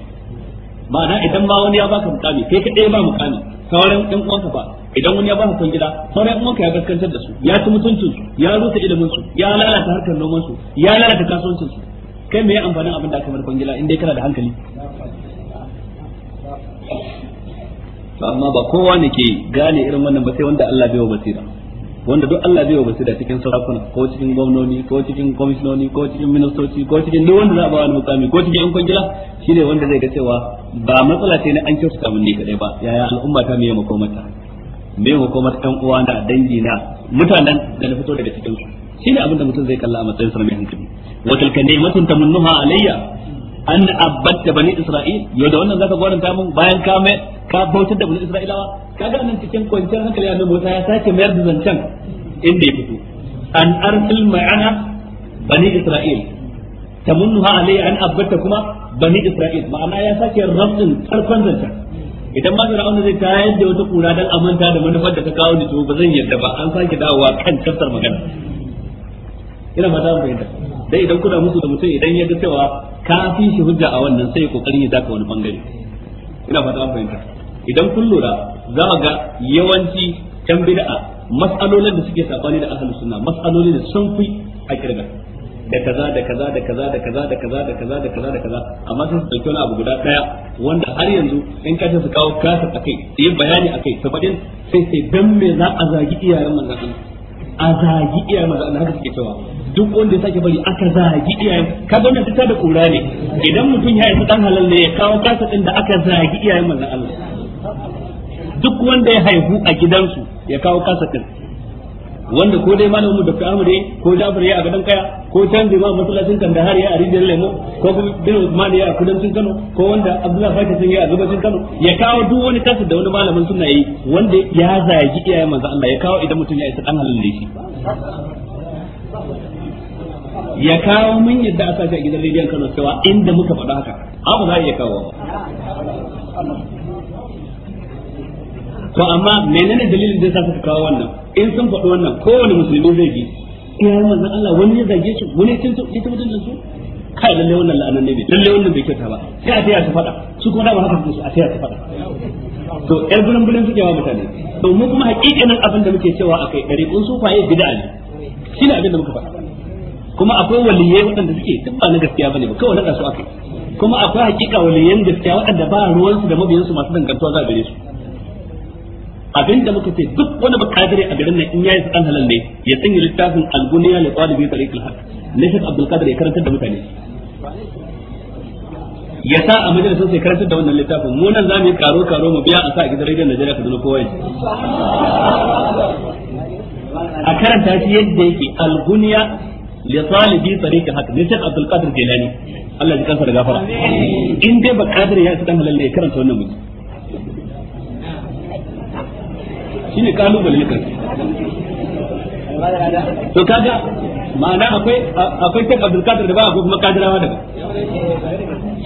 ma'ana idan ma wani ya baka mukami kai ka ɗaya ba mukami sauran ɗan uwanka ba idan wani ya baka son gida sauran ɗan uwanka ya gaskantar da su ya ci mutuncin ya rusa ilimin su ya lalata harkar noman su ya lalata kasuwancin su kai me amfanin abin da aka bar kwangila in dai kana da hankali amma ba kowa ne ke gane irin wannan ba sai wanda Allah bai wa basira wanda duk Allah zai wa basira cikin sarakuna ko cikin gwamnoni ko cikin kwamishinoni ko cikin ministoci ko cikin duk wanda za a bawa wani mukami ko cikin yan kwangila shine wanda zai ga cewa ba matsala ce na an kyautata mun ne kadai ba yaya al'umma ta meye makomata meye makomata ɗan uwa na dangi na mutanen da na fito daga cikin su shine ne da mutum zai kalla a matsayin sa mai hankali wa tilka ni'matun a alayya an abatta bani isra'il yau da wannan zaka gwaranta mun bayan ka mai ka bautar da bani isra'ilawa kaga nan cikin kwanciyar hankali annabi Musa ya sake mayar da zancen inda ya fito an arsil ma'ana bani Isra'il tamunnuha alayya an abbata kuma bani Isra'il ma'ana ya sake rafin farkon zancen idan ma Fir'auna zai ta yadda wata kura dan amanta da manufar da ta kawo ni to ba zan yadda ba an sake dawowa kan tattar magana ina ma zan bayyana dai idan kuna musu da mutum idan ya ga cewa ka fi shi hujja a wannan sai ya kokari ya zaka wani bangare ina fata an fahimta idan kun lura za a ga yawanci can bid'a mas'alolin da suke sabani da ahlus sunna mas'alolin da sun fi a kirga da kaza da kaza da kaza da kaza da kaza da kaza da kaza da kaza amma sun su dauki wani abu guda daya wanda har yanzu in ka su kawo kasa a su yi bayani a kai, ta faɗin sai sai dan me za a zagi iyayen maza Allah a zagi iyayen manzon Allah haka suke cewa duk wanda ya sake bari aka zagi iyayen ka ga ta da kura ne idan mutum ya yi dan halal ne ya kawo kasa din da aka zagi iyayen maza Allah duk wanda ya haihu a gidansu ya kawo kasa wanda ko dai malamin da fi'amu yayi ko Jafar ya a gadon kaya ko canji ma masallacin har ya a rijiyar Lemo ko kuma bin Usman ya a kudancin Kano ko wanda Abdullah Faki sun yi a gabacin Kano ya kawo duk wani kasa da wani malamin suna yi wanda ya zagi iyayen manzo Allah ya kawo idan mutum ya isa dan halin da shi ya kawo mun yadda aka a gidan rijiyar Kano cewa inda muka faɗa haka abu za a iya kawo to amma menene dalilin da zaka kawo wannan in sun faɗi wannan kowane musulmi zai ji ya manzon Allah wani ya zage shi wani ya ita ya da su kai lalle wannan la'anan ne lalle wannan bai kyauta ba sai a tsaya su faɗa su kuma dama haka su a tsaya su faɗa to ɗan bulan bulan suke wa mutane to mu kuma hakikanin abin da muke cewa akai su faye bid'a ne shine abin da muka faɗa kuma akwai waliyai waɗanda suke duk ba na gaskiya bane ba kawai na su akai kuma akwai hakika waliyan gaskiya waɗanda ba ruwansu da mabiyansu masu dangantuwa za a gare su abin da muka ce duk wani bakadire a garin nan in yayi su kan halal ne ya sanya littafin al-gunya li talibi tariq al-haq ne shi Abdul Qadir ya karantar da mutane ya sa a majalisar sai karantar da wannan littafin mu nan zamu yi karo karo mu biya a sa a gidan rediyon Najeriya ka zuna kowa a karanta shi yadda yake al-gunya li talibi tariq al-haq ne shi Abdul Qadir Jilani Allah ya kansa da gafara in dai bakadire ya su kan halal ne karanta wannan mutum shine kalubale na karshe to kaga ma'ana akwai akwai Sheikh Abdul Qadir da ba akwai kuma Qadirawa da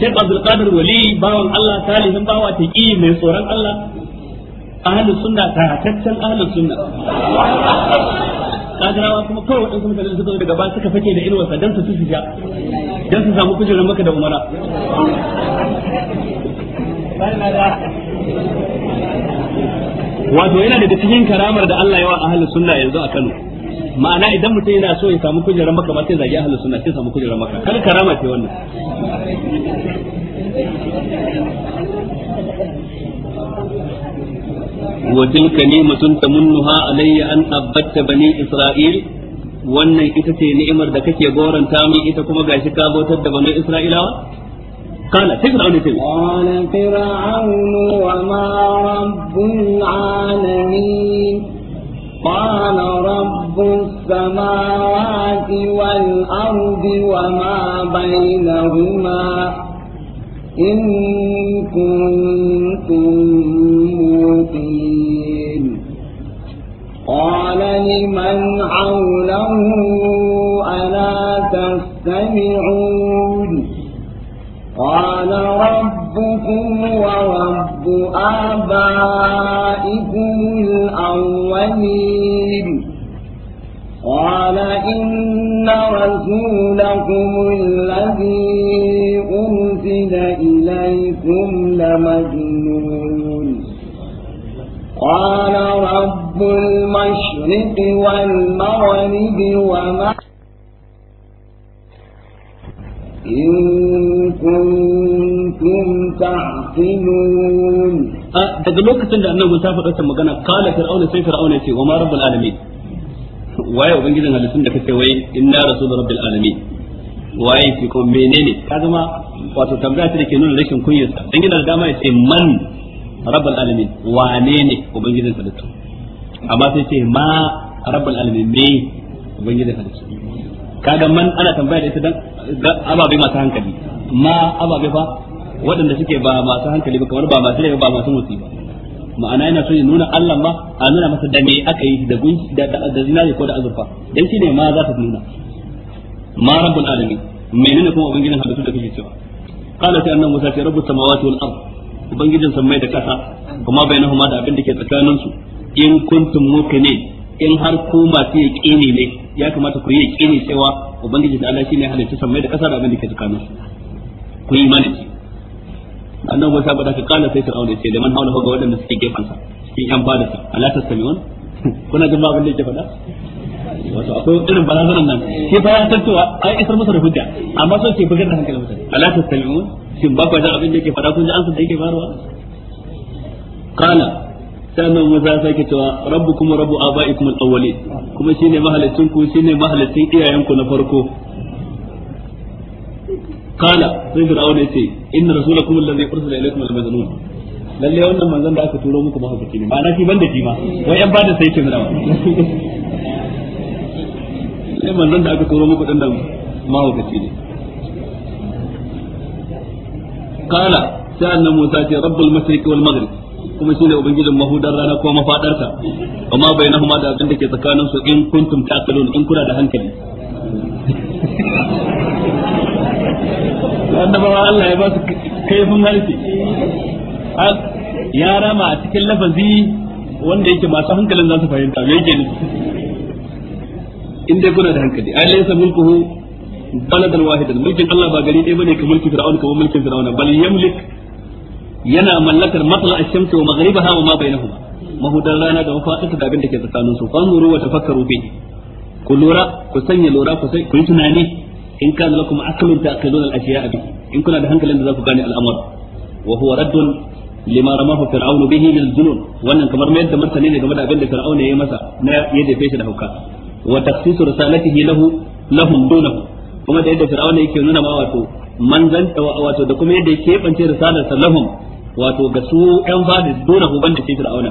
Sheikh Abdul Qadir wali bawan Allah talihin bawa ta ki mai tsoron Allah ahlus sunna tarataccen ahlus sunna kadirawa kuma kawai waɗansu mutane da suka zo daga ba suka fake da inuwarsa dan su su dan don su samu kujerar maka da umara wato yana daga cikin karamar da Allah ya wa ahli sunna yanzu a Kano ma'ana idan mutum yana so ya samu kujerar maka ma sai zagi ahli sunna sai samu kujerar maka kar karama ce wannan وتلك نعمة تمنها alayya an abatta bani Isra'il wannan ita ce ni'imar da kake goranta min ita kuma gashi ka bautar da bani Isra'ilawa قال فرعون يتي قال فرعون وما رب العالمين قال رب السماوات والأرض وما بينهما إن كنتم موقنين قال لمن حوله ألا تستمعون قال ربكم ورب آبائكم الأولين قال إن رسولكم الذي أرسل إليكم لمجنون قال رب المشرق والمغرب وما إن كنتم تعقلون daga lokacin da annabi ta faɗa ta magana kala fir'auna sai fir'auna ce wa ma rabbul alamin waye ubangijin halittun da kace wai inna rasul rabbil alamin waye ki ko menene ka zama wato tambaya ta dake nuna rashin kunyarsa dan yana da dama ya ce man rabbul alamin wane ne ubangijin halittu amma sai ce ma rabbul alamin me ubangijin halittu kaga man ana tambaya da ita dan ababe masu hankali ma ababe ba waɗanda suke ba masu hankali ba kamar ba masu rai ba masu motsi ba ma'ana yana so ya nuna Allah ma a nuna masa da me aka yi da gunki da da zinari ko da azurfa dan shine ma za ta nuna ma rabbul alamin menene kuma ubangijin halittu da kake cewa qala sai annabi Musa ce rabbus samawati wal ard ubangijin sammai da kasa kuma bainahuma da abin da ke tsakaninsu in kuntum muqinin in har ku masu yaƙini ne ya kamata ku yi yaƙini cewa ubangiji da Allah shine halitta sammai da ƙasa da abin da ke tsakanin su ku yi imani ce annabi Musa ba da ka kana sai Fir'auna ce man haula ga wadanda suke gefan sa cikin yan bada sa sami tasmiun kuna jin ba abin da ke faɗa wato akwai irin barazanar nan shi fa ya san cewa ai isar masa da hujja amma so ce bugar da hankalin mutane sami tasmiun shin ba ku da abin da ke faɗa kun ji an san da yake faruwa kana sannan maza sake cewa rabbukum rabbu abaikum al-awwalin kuma shine ku shine iyayen ku na farko sai fir'aun ya ce inna rasulakum alladhi ursila ilaykum al-majnun lalle wannan manzon da aka turo muku mahaukaci ne ma'ana shi banda wai yan bada sai mirawa lalle manzon da aka turo muku dan nan mahaukaci ne sai annabi Musa ce rabbul wal maghrib kuma shine ubangijin mahudar rana ko mafadarta amma bainahuma da abin da ke tsakanin su in kuntum taqilun in kuna da hankali wanda ba Allah ya ba su kaifin harshe ya rama a cikin lafazi wanda yake masu hankalin za su fahimta me yake nufi in dai kuna da hankali a laysa mulkuhu baladan wahidan mulkin Allah ba gari ɗaya bane ka mulki fir'aun kamar mulkin fir'aun bal yamlik yana mallakar matsala a shamsi wa magariba hawa ma bainahuma mahudan rana da mafaɗinta da abin da ke tsakanin su fanzuru wa tafakkaru ku lura ku sanya lura ku sai ku yi tunani in kana lakum aqlun taqiluna in kuna da hankalin da za ku gane al'amur wa huwa raddun lima ramahu fir'aunu bihi lil junun wannan kamar mai da martani ne game da abin da fir'auna yayi masa na ya shi da hauka wa taqsisu lahu lahum dunahu kuma da yadda fir'auna yake nuna ma wato manzanta wato da kuma yadda yake bance lahum wato ga su yan fadis dole hu banda shi fir'auna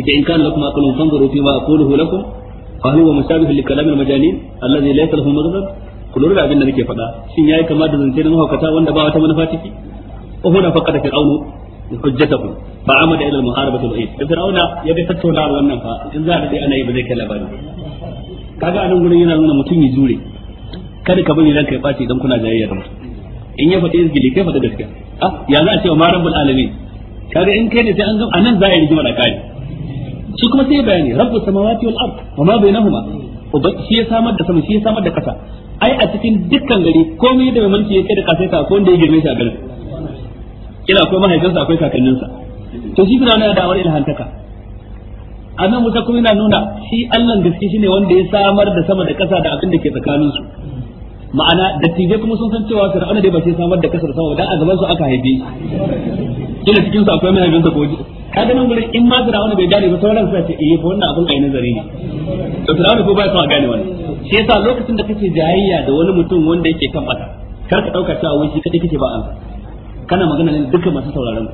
ita in kana lakum aqlun fanzuru fi ma aquluhu lakum fa huwa musabih li kalam al-majanin alladhi laysa lahu maghrib ku lura abin da nake faɗa shin yayi kama da zance na mahaukata wanda ba wata manufa ciki faqada fir'aunu hujjatahu fa amada ila al-muharabati al da fir'auna ya bi tattauna wannan fa in za a dai ana yi ba zai kai labari kaga anan gurin yana nuna mutum ya jure kada ka bari ranka ya bace idan kuna jayayya da mutum in ya faɗi izgili kai faɗi gaskiya ah ya za a ce ma rabbul alamin kaga in kai ne sai an ga anan za a yi rigima da kai shi kuma sai bayani rabbus samawati wal ard wa ma bainahuma shi ya samar da sama shi ya samar da kasa ai a cikin dukkan gari komai da mai mulki yake da kasa ka akwai wanda ya girme shi a garin kila akwai mahaifinsa akwai kakanninsa to shi kuma na da awar ilhantaka annan musa kuma yana nuna shi Allah gaske shine wanda ya samar da sama da kasa da abin da ke tsakaninsu ma'ana dattijai kuma sun san cewa fir'auna dai ba shi samar da kasar sama dan a gaban su aka haife ina cikin su akwai mai ko kaga nan gurin in ma fir'auna bai gane ba sauran sai ce eh ko wannan abin ai nazari ne to fir'auna ko bai san gane wannan shi yasa lokacin da kake jayayya da wani mutum wanda yake kan bata kar ka dauka cewa wai shi kadai kake ba an kana magana ne dukkan masu sauraron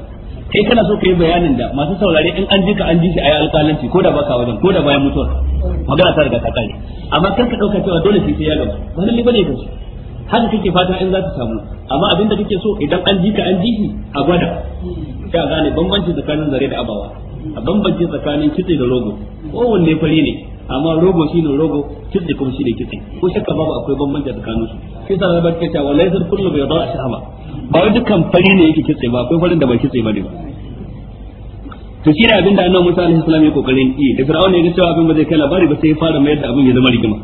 kai kana so ka yi bayanin da masu saurare in an ji ka an ji shi yi alƙalanci ko da ba ka wajen ko da bayan mutuwar magana ta riga ta kare amma kan ka ɗauka cewa dole sai ya gaba ba lalle bane ka haka kake fata in za ta samu amma abin da kake so idan an ji ka an ji shi a gwada ka gane bambanci tsakanin zare da abawa a bambanci tsakanin kitse da rogo kowanne fari ne amma rogo shine rogo kitse kuma shine kitse ko shakka babu akwai bambanci tsakanin su sai sa rabar kace wallahi zan kullu bai da hama. ba wani dukkan fari ne yake kitse ba akwai farin da bai kitse ba ne ba to shi ne abin da annabi Musa alaihi salam ya kokarin yi da Fir'auna ya ga cewa abin ba zai kai labari ba sai ya fara mayar da abin ya zama rigima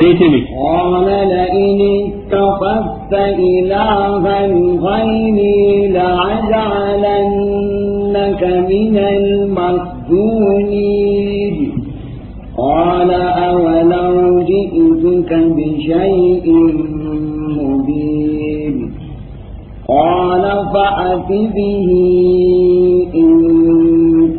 sai ce ne qala la in tafatta ilahan ghayni la aj'alannaka min al-masjunin qala awalau ji'tuka bi shay'in قال فأت به إن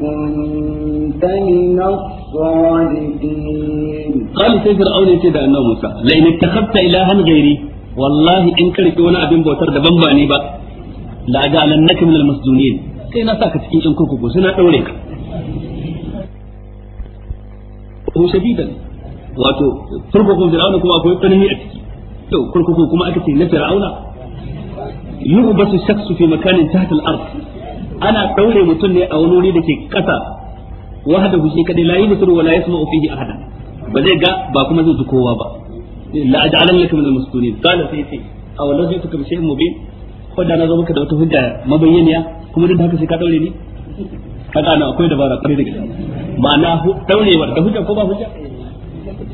كنت من الصادقين قال سيد فرعون سيد أنه موسى لئن اتخذت إلها غيري والله إن كرت ولا أبن بوتر دبن بأني بأ لأجعلنك من المسجونين كي نساك تكين شنكو كوكو سنة أوليك هو شديدا واتو تربكم فرعون كما أكو يبتنه يأتي تو كركو كما أكتين لفرعون yu'basu shakhsu fi makanin tahta al-ard ana daure mutum ne a wani wuri da ke kasa wahdahu shi kadai la yubsiru wa la yasma'u fihi ahada ba zai ga ba kuma zai ji kowa ba la aj'alan laka min al-muslimin qala sai sai aw la ji'tuka bi shay'in mubin ko da na zo maka da wata hujja mabayyaniya kuma duk haka sai ka daure ni kaga na akwai dabara kare da gaske ma'ana daure da hujja ko ba hujja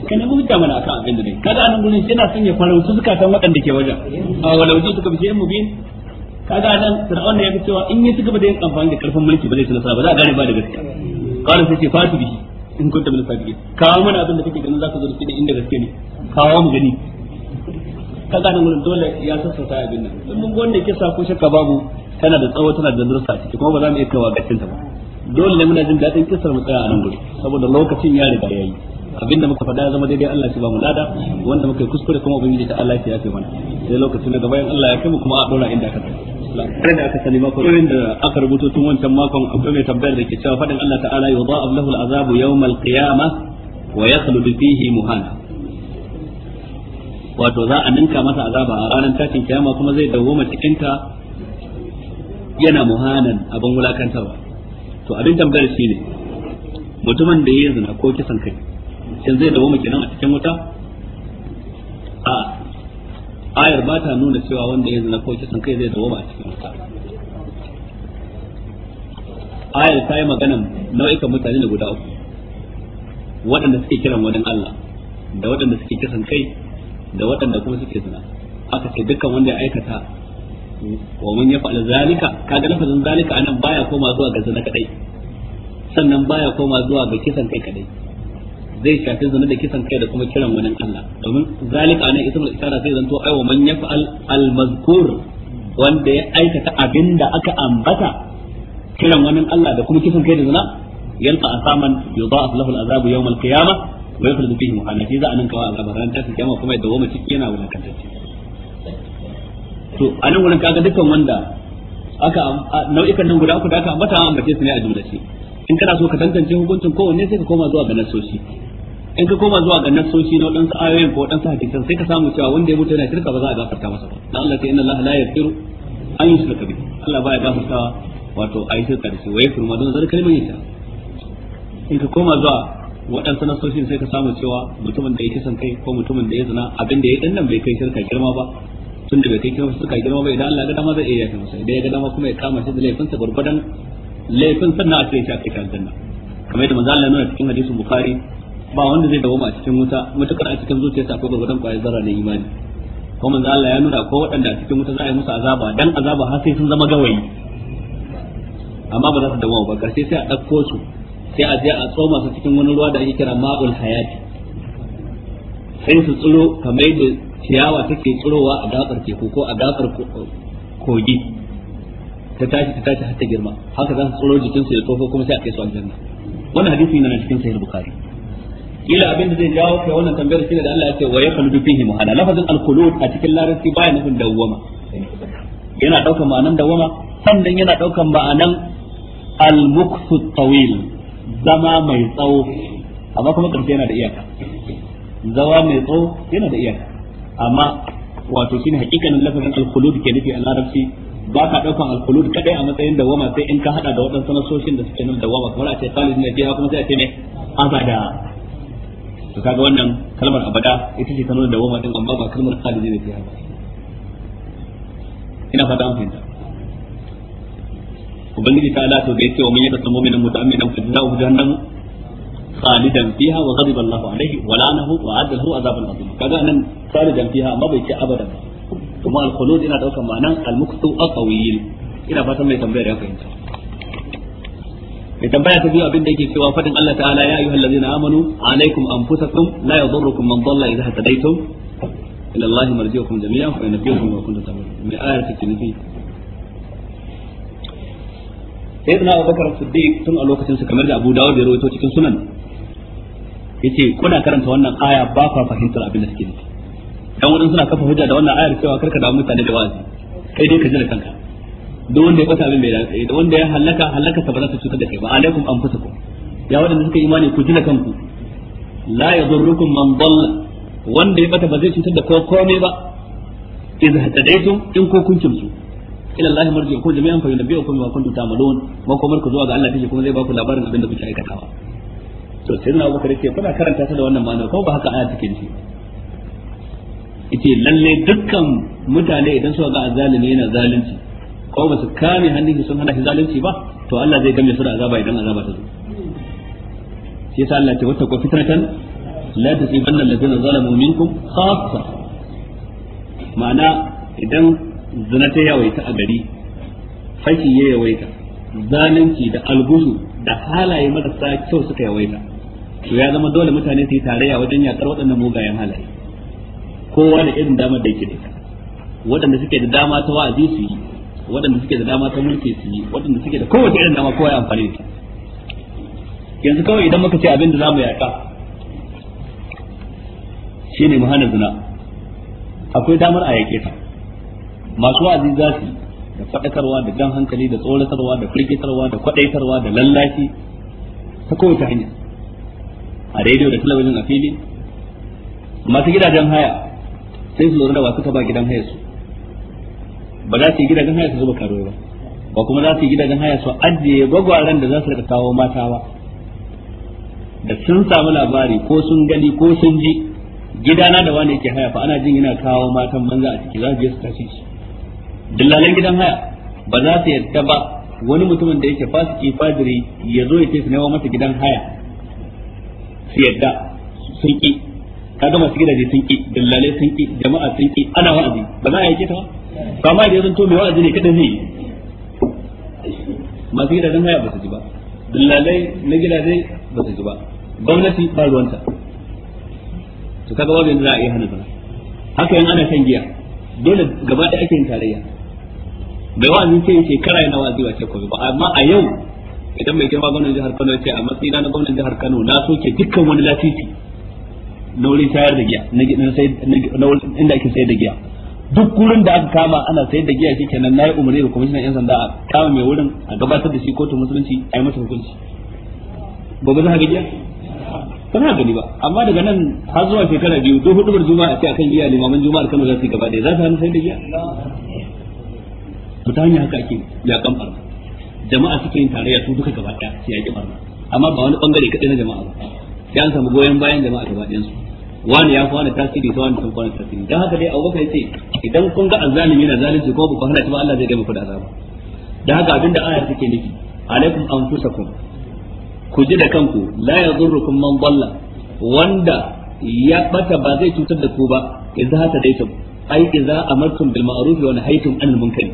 ka nemi hujja mana akan abin da ne kaga anan gurin yana son ya farauci zukatan waɗanda ke wajen a walauji suka bi mu mubin kaga anan fir'auna ya ga cewa in ya cigaba da yin amfani da karfin mulki ba zai tsara ba za a gane ba da gaskiya qala sai ce fatu bi in kunta bil sadiqin kawo mana abin da kake ganin zaka zo da shi inda gaske ne kawo mu gani kaga anan gurin dole ya sassauta abin nan don mun wanda kisa ko shakka babu tana da tsawo tana da zurfa ciki kuma ba za mu iya kawo gacin ta ba dole ne muna jin daɗin kisar mu tsaya a nan gurin saboda lokacin ya riga yi Abin da muka faɗa ya zama daidai Allah ya ba mu lada wanda muka kuskure kuma ubangiji da Allah ya yafe mana sai lokacin da gaban Allah ya kai mu kuma a dora inda aka kai da aka sani mako irin da aka rubuto tun wancan makon akwai mai tambayar da ke cewa faɗin Allah ta'ala yudha'ab lahu al'azabu yawmal qiyamah wa yakhlud fihi muhana wato za a ninka masa azaba a ranar tashin kiyama kuma zai dawoma cikin ta yana muhanan abin wulakantarwa to abin tambayar shine mutumin da ya zina ko kisan kai shin zai dawo kenan a cikin wuta a ayar ba ta nuna cewa wanda ya zina ko kisan kai zai dawo a cikin wuta ayar ta yi maganan nau'ikan mutane da guda uku waɗanda suke kiran wadin Allah da waɗanda suke kisan kai da waɗanda kuma suke zina aka ce dukkan wanda ya aikata wa mun ya faɗa zalika kaga lafazin zalika anan baya koma zuwa ga zina kadai sannan baya koma zuwa ga kisan kai kadai zai shafi zina da kisan kai da kuma kiran wani Allah domin zalika ne ismul isara sai zanto aiwa man yaf'al al mazkur wanda ya aikata abinda aka ambata kiran wani Allah da kuma kisan kai da zina yalqa asaman yudha'af lahu al azabu yawm al qiyamah wa yakhlud fihi muhana shi za anan kawai azaba ran ta kiyama kuma ya dawo mace yana wulakantacce to anan wurin kaga dukkan wanda aka nau'ikan nan guda uku da aka ambata an ambace su ne a shi in kana so ka tantance hukuncin kowanne sai ka koma zuwa ga nasoshi in ka koma zuwa ga nassoci na waɗansu ayoyin ko waɗansu hadisan sai ka samu cewa wanda ya mutu yana shirka ba za a gafarta masa ba dan Allah ta inna Allah la yaghfiru an yushraka bihi Allah baya gafarta wato ayi shirka da shi waye kurma don zar kalmar yata in ka koma zuwa waɗansu nasoci sai ka samu cewa mutumin da ya kisan kai ko mutumin da ya zina abin da ya dan nan bai kai shirka girma ba tun da bai kai shirka girma ba idan Allah ya ga dama zai iya yafe masa idan ya ga dama kuma ya kama shi da laifin sa gurgudan laifin sannan a ce shi a kai aljanna kamar yadda manzo Allah nuna cikin hadisin Bukhari ba wanda zai dawo a cikin wuta mutukar a cikin zuciyarsa akwai gurgurdan kwayar zarra na imani ko manzo Allah ya nuna ko waɗanda a cikin wuta za a yi musu azaba dan azaba har sai sun zama gawayi amma ba za su dawo ba karshe sai a ɗauko su sai a je a tsoma su cikin wani ruwa da ake kira ma'ul hayati sai su tsiro kamar yadda ciyawa take tsirowa a gabar teku ko a gabar kogi ta tashi ta tashi har ta girma haka za su tsiro jikinsu ya tofo kuma sai a kai su aljanna wannan hadisi yana cikin sahih bukhari kila abin da zai jawo kai wannan tambayar shine wa yakhludu fihi muhana lafazin a cikin larabci baya nufin dawwama yana daukan ma'anan dawwama sannan yana daukan ma'anan al-muksu tawil zama mai tsawo amma kuma yana da iyaka amma wato shine hakikanin lafazin al-khulud ke nufi a larabci ba ka daukan al-khulud kadai a matsayin dawama sai in ka hada da waɗansu nasoshin da suke nuna dawama kamar a ce khalid kuma sai a ce to kaga wannan kalmar abada ita ce ta nuna da wama din amma ba kalmar khalidi ne fiha ba ina fata an fahimta ubangiji ta ala to da yake wa man yata samu minan muta'ammidan fa jazahu jahannam khalidan fiha wa ghadiba Allah alaihi wa la'anahu wa adda lahu azaban azim kaga nan khalidan fiha amma bai ce abadan kuma al-khulud ina daukan ma'anan al-muktu aqawiyil ina fatan mai tambayar ya fahimta da tambaya ta biyu abin da yake cewa fadin Allah ta'ala ya ayyuhal amanu alaikum anfusakum la man dalla idha hadaytum ila Allah marji'ukum jami'an ma kuntum ta'malun mai ayar take nufi sayyidina Siddiq tun a lokacin su kamar da Abu Dawud ya rawaito cikin sunan yace kuna karanta wannan aya ba fa fahimtar abin da suke nufi dan wurin suna kafa hujja da wannan ayar cewa karka da mutane da wazi kai dai ka ji da kanka da wanda ya fata abin bai dace da wanda ya halaka halaka ta ba za ta cutar da kai ba alaikum anfusakum ya wadanda suka imani ku jina kanku la yadurrukum man dalla wanda ya fata ba zai cutar da ko komai ba idza hadaitum in ko kun kimsu ila Allah marji'ukum jami'an fa yunabbi'ukum bima kuntum ta'malun ko marka zuwa ga Allah take kuma zai ba ku labarin abin da kuke aikatawa to sai na Abubakar ce kuna karanta ta da wannan ma'ana ko ba haka aya take ce Ita lalle dukkan mutane idan suka ga azalimi yana zalunci ko ba su kame hannun sun hana shi zalunci ba to Allah zai game su da azaba idan azaba ta zo shi yasa Allah ce wata ko fitratan la tusibanna allazina zalamu minkum khassa ma'ana idan zina ta yawaita a gari fashi ya yawaita zalunci da algusu da halaye marasa kyau suka yawaita to ya zama dole mutane su yi tarayya wajen yakar waɗannan mugayen halaye kowa da irin damar da yake da ita waɗanda suke da dama ta wa'azi su yi waɗanda suke da dama ta mulki su yi waɗanda suke da kowace irin dama kowa ya amfani da yanzu kawai idan muka ce abin da zamu yaka shine mu hana zina akwai damar a yake ta masu wa'azi za su da faɗakarwa da dan hankali da tsoratarwa da firgitarwa da kwaɗaitarwa da lallashi ta kowace hanya a rediyo da talabijin a fili masu gidajen haya sai su lura da wasu ka ba gidan haya su ba za su yi gidajen haya su zuba karo ba ba kuma za su yi gidajen haya su ajiye gwagwaren da za su rika kawo mata ba da sun samu labari ko sun gani ko sun ji gidana da wani yake haya fa ana jin yana kawo matan banza a ciki za su je su tashi shi dillalan gidan haya ba za su yadda ba wani mutumin da yake fasiki fadiri ya zo ya ce su nema masa gidan haya su yadda sun ki kaga masu gidaje sun ki dillalai sun ki jama'a sun ki ana wa'azi ba za a yi ta ba kama da yanzu to mai wa'azi ne kada zai masu gidajen haya ba su ji ba dillalai na gidaje ba su ji ba gwamnati ba ruwanta to kaga babu yanzu za a yi hana ba. haka yan ana shan giya dole gaba da ake yin tarayya bai wa'azin ce shekara yana wa'azi ba ce kuma ba amma a yau idan mai girma gwamnan jihar Kano ce a matsayina na gwamnan jihar Kano na soke dukkan wani lasisi na wurin shayar da giya na inda ake sayar da giya duk wurin da aka kama ana sayar da giya kenan nayi umarni da kwamishinan yan sanda a kama mai wurin a gabatar da shi kotun musulunci a yi masa hukunci gobe za ka giya ba na gani ba amma daga nan har zuwa shekara biyu duk hudubar juma'a a ce akan giya mamman juma'ar Kano za su yi gaba da za su hana sayar da giya to ta hanyar haka ake ya barna jama'a suke yin tarayya su duka gaba daya su yaki barna amma ba wani bangare kadai na jama'a ba sai an samu goyon bayan jama'a gaba ɗayan su wani ya wani tasiri ta wani sun tasiri don haka dai abubakar ya ce idan kun ga azzalimi na zalunci ko ba ku hana shi ba Allah zai ga muku a azaba don haka abinda aya take nufi alaikum kun ku ji da kanku la kun man balla wanda ya bata ba zai cutar da ku ba idza hata daitum ai idza amartum bil ma'ruf wa nahaytum anil munkar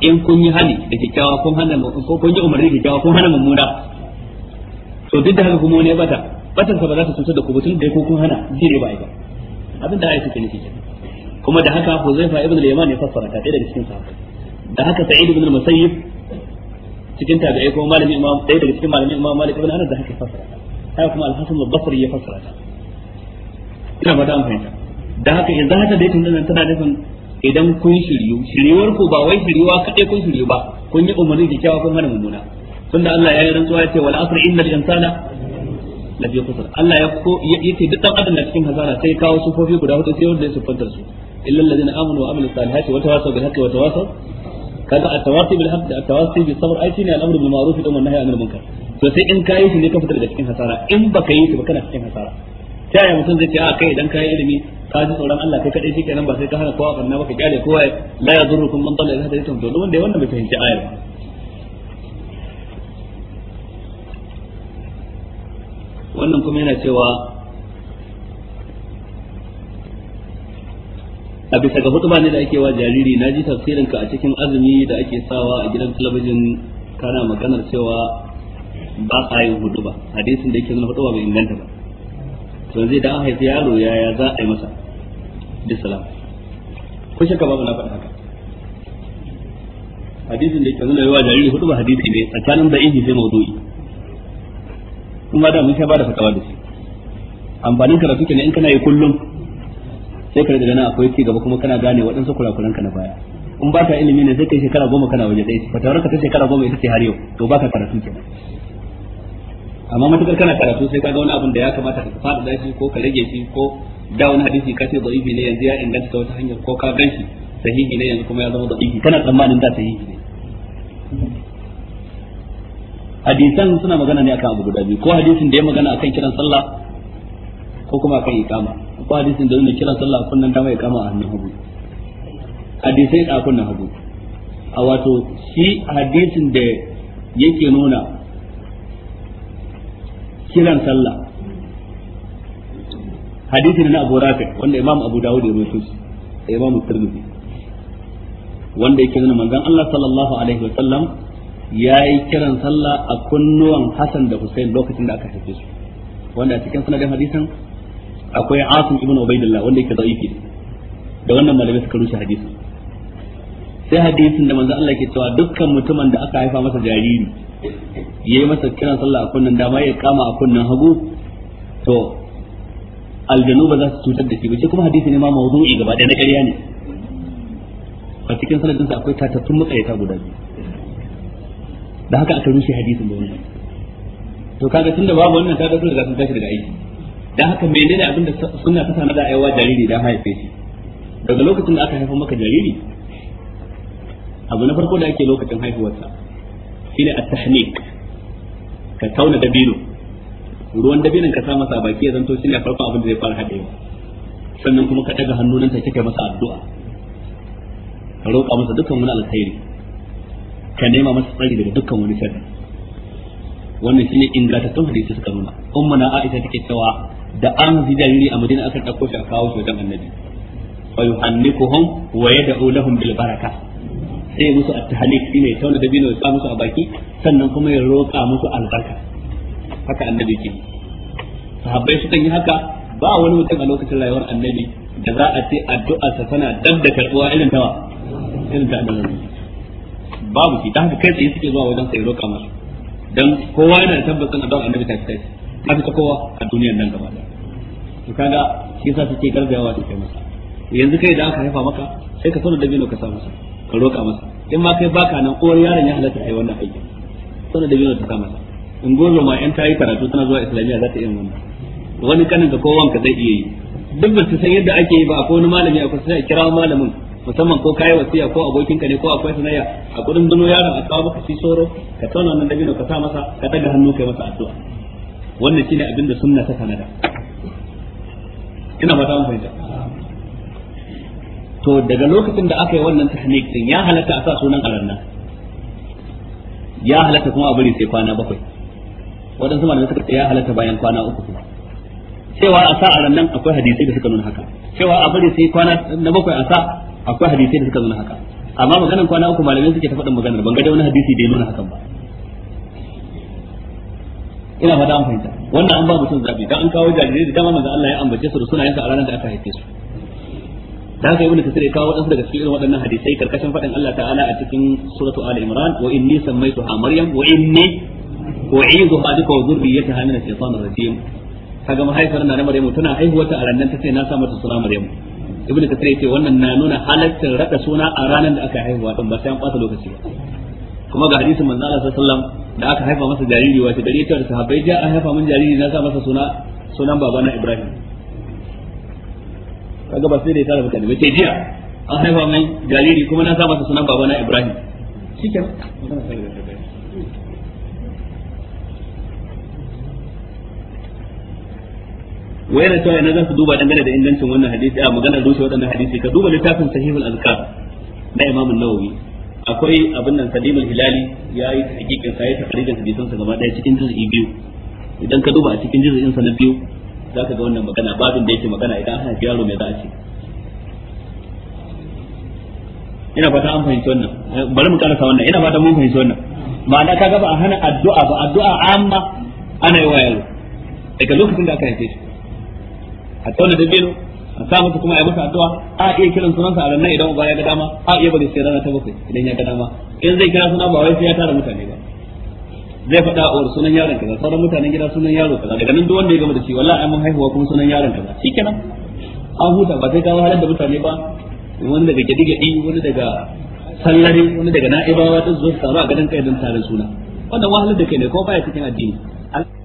in kun yi hali da kikkiawa kun hana ko kun yi umarni da kikkiawa kun hana mummuna to duk da haka kuma wani ya bata batan ka ba za ta cutar da ku mutum da ko kun hana ne ba ai ba abin da ayatu ke nufi kuma da haka Huzaifa ibn al-Yaman ya fassara ta daga cikin sahabbai da haka Sa'id ibn al-Musayyib cikin tabi'ai ko malami imam ɗaya daga cikin malami imam Malik ibn Anas da haka fassara ta haka kuma Al-Hasan al-Basri ya fassara ta ina fata an fahimta da haka idan haka dai tunan tana nufin idan kun shiryu shiryuwar ku ba wai shiryuwa kadai kun shiryu ba kun yi umarni da kyawa hana mummuna tunda Allah ya yi rantsuwa ya ce wal asr innal insana lafi kusur Allah ya ko duk dan adam na cikin hazara sai kawo sufofi guda hudu sai wanda ya sufantar su illa allazina amanu wa amilus salihati wa tawasaw bil haqqi wa tawasaw kaga at-tawasi bil haqqi at-tawasi sabr ai shine al-amru bil ma'ruf wa nahyi anil munkar to sai in kai shi ne ka fitar da cikin hasara in baka yi shi ba kana cikin hasara ta yaya mutum zai ce a kai idan kai ilimi ka ji tsoron Allah kai kadai shikenan ba sai ka hana kowa banna ba ka kowa la yadurrukum man dalla idan hadaytum to wanda wannan bai fahimci ayar ba wannan kuma yana cewa a bisa ga hutuba ne da ake wa jariri na ji tafsirinka a cikin azumi da ake sawa a gidan talabijin kana maganar cewa ba a hudu hutuba hadisin da yake nuna hutuba bai inganta ba to zai da an haifi yaro yaya za a yi masa salam. ko shakka babu na faɗa haka hadisin da yake nuna yawa jariri hutuba hadisi ne tsakanin da ihi sai mawdu'i kuma da mun sai ba da fatawa da shi amfanin karatu kenan in kana yi kullum sai ka rage ganin akwai ci gaba kuma kana gane waɗansu kurakuran ka na baya in ba ka ilimi ne sai kai shekara goma kana waje ɗaya fatawar ka ta shekara goma ita ce har yau to ba ka karatu kenan amma matukar kana karatu sai ka ga wani abin da ya kamata ka faɗa da shi ko ka rage shi ko da wani hadisi ka ce da'ifi ne yanzu ya inganta ta wata hanyar ko ka gan shi sahihi ne yanzu kuma ya zama da'ifi kana tsammanin da sahihi ne hadisan suna magana ne akan abu guda biyu ko hadisin da ya magana akan kiran sallah ko kuma akan ikama ko hadisin da yana kiran sallah kunnan dama ikama a hannun hagu hadisai da kunnan hagu a wato shi hadisin da yake nuna kiran sallah hadisin na Abu Rafi wanda Imam Abu Dawud ya rawaito shi Imam Tirmidhi wanda yake nuna manzon Allah sallallahu alaihi wa sallam yayi kiran sallah a kunnuwan Hassan da Hussein lokacin da aka haife su wanda cikin sanadin hadisin akwai Asim ibn Ubaidillah wanda yake da'ifi da wannan malamai suka rushe hadisin sai hadisin da manzo Allah ke cewa dukkan mutumin da aka haifa masa jariri yayi masa kiran sallah a kunnan dama ya kama a kunnan hagu to aljanu ba za su cutar da shi ba kuma hadisi ne ma mawdu'i gaba ɗaya na ƙarya ne a cikin sanadinsa akwai tatattun matsayata guda biyu da haka aka rushe hadisin da wannan to kaga tunda babu wannan kaga sun riga tashi daga aiki dan haka menene abinda suna ta sanar da aiwa jariri da haife shi daga lokacin da aka haifa maka jariri abu na farko da ake lokacin haihuwarsa shine at-tahnik ka tauna dabino ruwan dabinin ka sa masa baki ya zanto shine farkon abin da zai fara haɗewa sannan kuma ka daga hannu nan kai masa addu'a ka roƙa masa dukkan wani alkhairi ka nema masa tsari daga dukkan wani sharri wannan shine ingantattun hadisi suka nuna umma na Aisha take cewa da an haifi jariri a Madina aka dauko shi a kawo shi wajen Annabi fa yuhannikuhum wa yad'u lahum bil baraka sai musu at-tahlik shine ya tauna dabino ya sa musu a baki sannan kuma ya roƙa musu albarka haka Annabi ke sahabbai sukan yi haka ba wani mutum a lokacin rayuwar Annabi da za a ce sa tana dab da karbuwa irin tawa irin ta Annabi babu shi dan haka kai tsaye suke zuwa wajen sai roƙa masa dan kowa yana da addu'a annabi ta tafi haka ta kowa a duniyar nan gaba ɗaya to kaga shi yasa suke gargayawa da kai masa yanzu kai da aka haifa maka sai ka sanar da bino ka sa masa ka roƙa masa in ma kai baka nan uwar yaron ya halatta ai wannan aikin sanar da bino ta samu masa in gozo ma yan tayi karatu tana zuwa islamiyya za ta yi wannan wani kanin ka kowa ka zai iya yi duk ba su san yadda ake yi ba akwai wani malami akwai sai a kira malamin musamman ko kai wasiya ko abokin ka ne ko akwai sanayya a gurin dano yaron a kawo maka shi soro ka tauna nan dabino ka sa masa ka daga hannu kai masa addu'a wannan shine abin da sunna ta kanada. ina fata mun fahimta to daga lokacin da aka yi wannan tahnik din ya halatta a sa sunan alanna ya halatta kuma a bari sai kwana bakwai waɗansu malamai suka ce ya halatta bayan kwana uku kuma cewa a sa a nan akwai hadisi da suka nuna haka cewa a bari sai kwana na bakwai a sa akwai hadisi da suka nuna haka amma maganar kwana uku malamai suke ta faɗin maganar ban ga wani hadisi da ya nuna hakan ba ina fata an fahimta wannan an ba mutum zabi dan an kawo jarirai da dama manzo Allah ya ambace su da sunayensa a ranar da aka haife su da haka ibnu kasir ya kawo wadansu daga cikin waɗannan hadisai karkashin faɗin Allah ta'ala a cikin suratu ali imran wa inni ha maryam wa inni u'idhuha bika wa dhurriyyataha min ash-shaytanir rajim kaga mahaifar na Maryam maryamu tana haihuwa ta a ta sai na sa mata suna maryamu ibnu kasir yace wannan na nuna halaccin raka suna a ranar da aka haihuwa dan ba sai an bata lokaci ba kuma ga hadisin manzo Allah sallallahu alaihi wasallam da aka haifa masa jariri wace dare ta da sahabbai ja an haifa min jariri na sa masa suna sunan babana Ibrahim kaga ba sai dai tare da mutane ba ce jiya an haifa min jariri kuma na sa masa sunan babana Ibrahim shikenan wai na cewa za su duba dangane da ingancin wannan hadisi a maganar dushe waɗannan hadisi ka duba littafin sahihul azkar na imam an-nawawi akwai abin nan salim al-hilali yayi hakikin sa yayi tafrijin da sa gaba daya cikin juz'i biyu idan ka duba a cikin juz'in sa na biyu zaka ga wannan magana babin da yake magana idan aka yaro mai za a ce ina fata an fahimci wannan bari mu karasa wannan ina fata mun fahimci wannan ma'ana ka ba a hana addu'a ba addu'a amma ana yi wa yaro daga lokacin da aka haife shi a tauna da bino a sa masa kuma a yi masa addu'a a iya kiran sunansa a ranar idan uba ya ga dama a iya bari sai rana ta bakwai idan ya ga dama in zai kira suna ba wai sai ya tara mutane ba zai faɗa a uwar sunan yaron kaza sauran mutanen gida sunan yaro kaza daga nan duk wanda ya gama da shi wallahi ai mun haihuwa kuma sunan yaron kaza kenan. an huta ba sai ka wahalar da mutane ba wani daga gidi-gidi wani daga sallari wani daga na'ibawa ta zuwa su taru a gadon kai don tare suna wannan wahalar da kai ne k'o baya cikin addini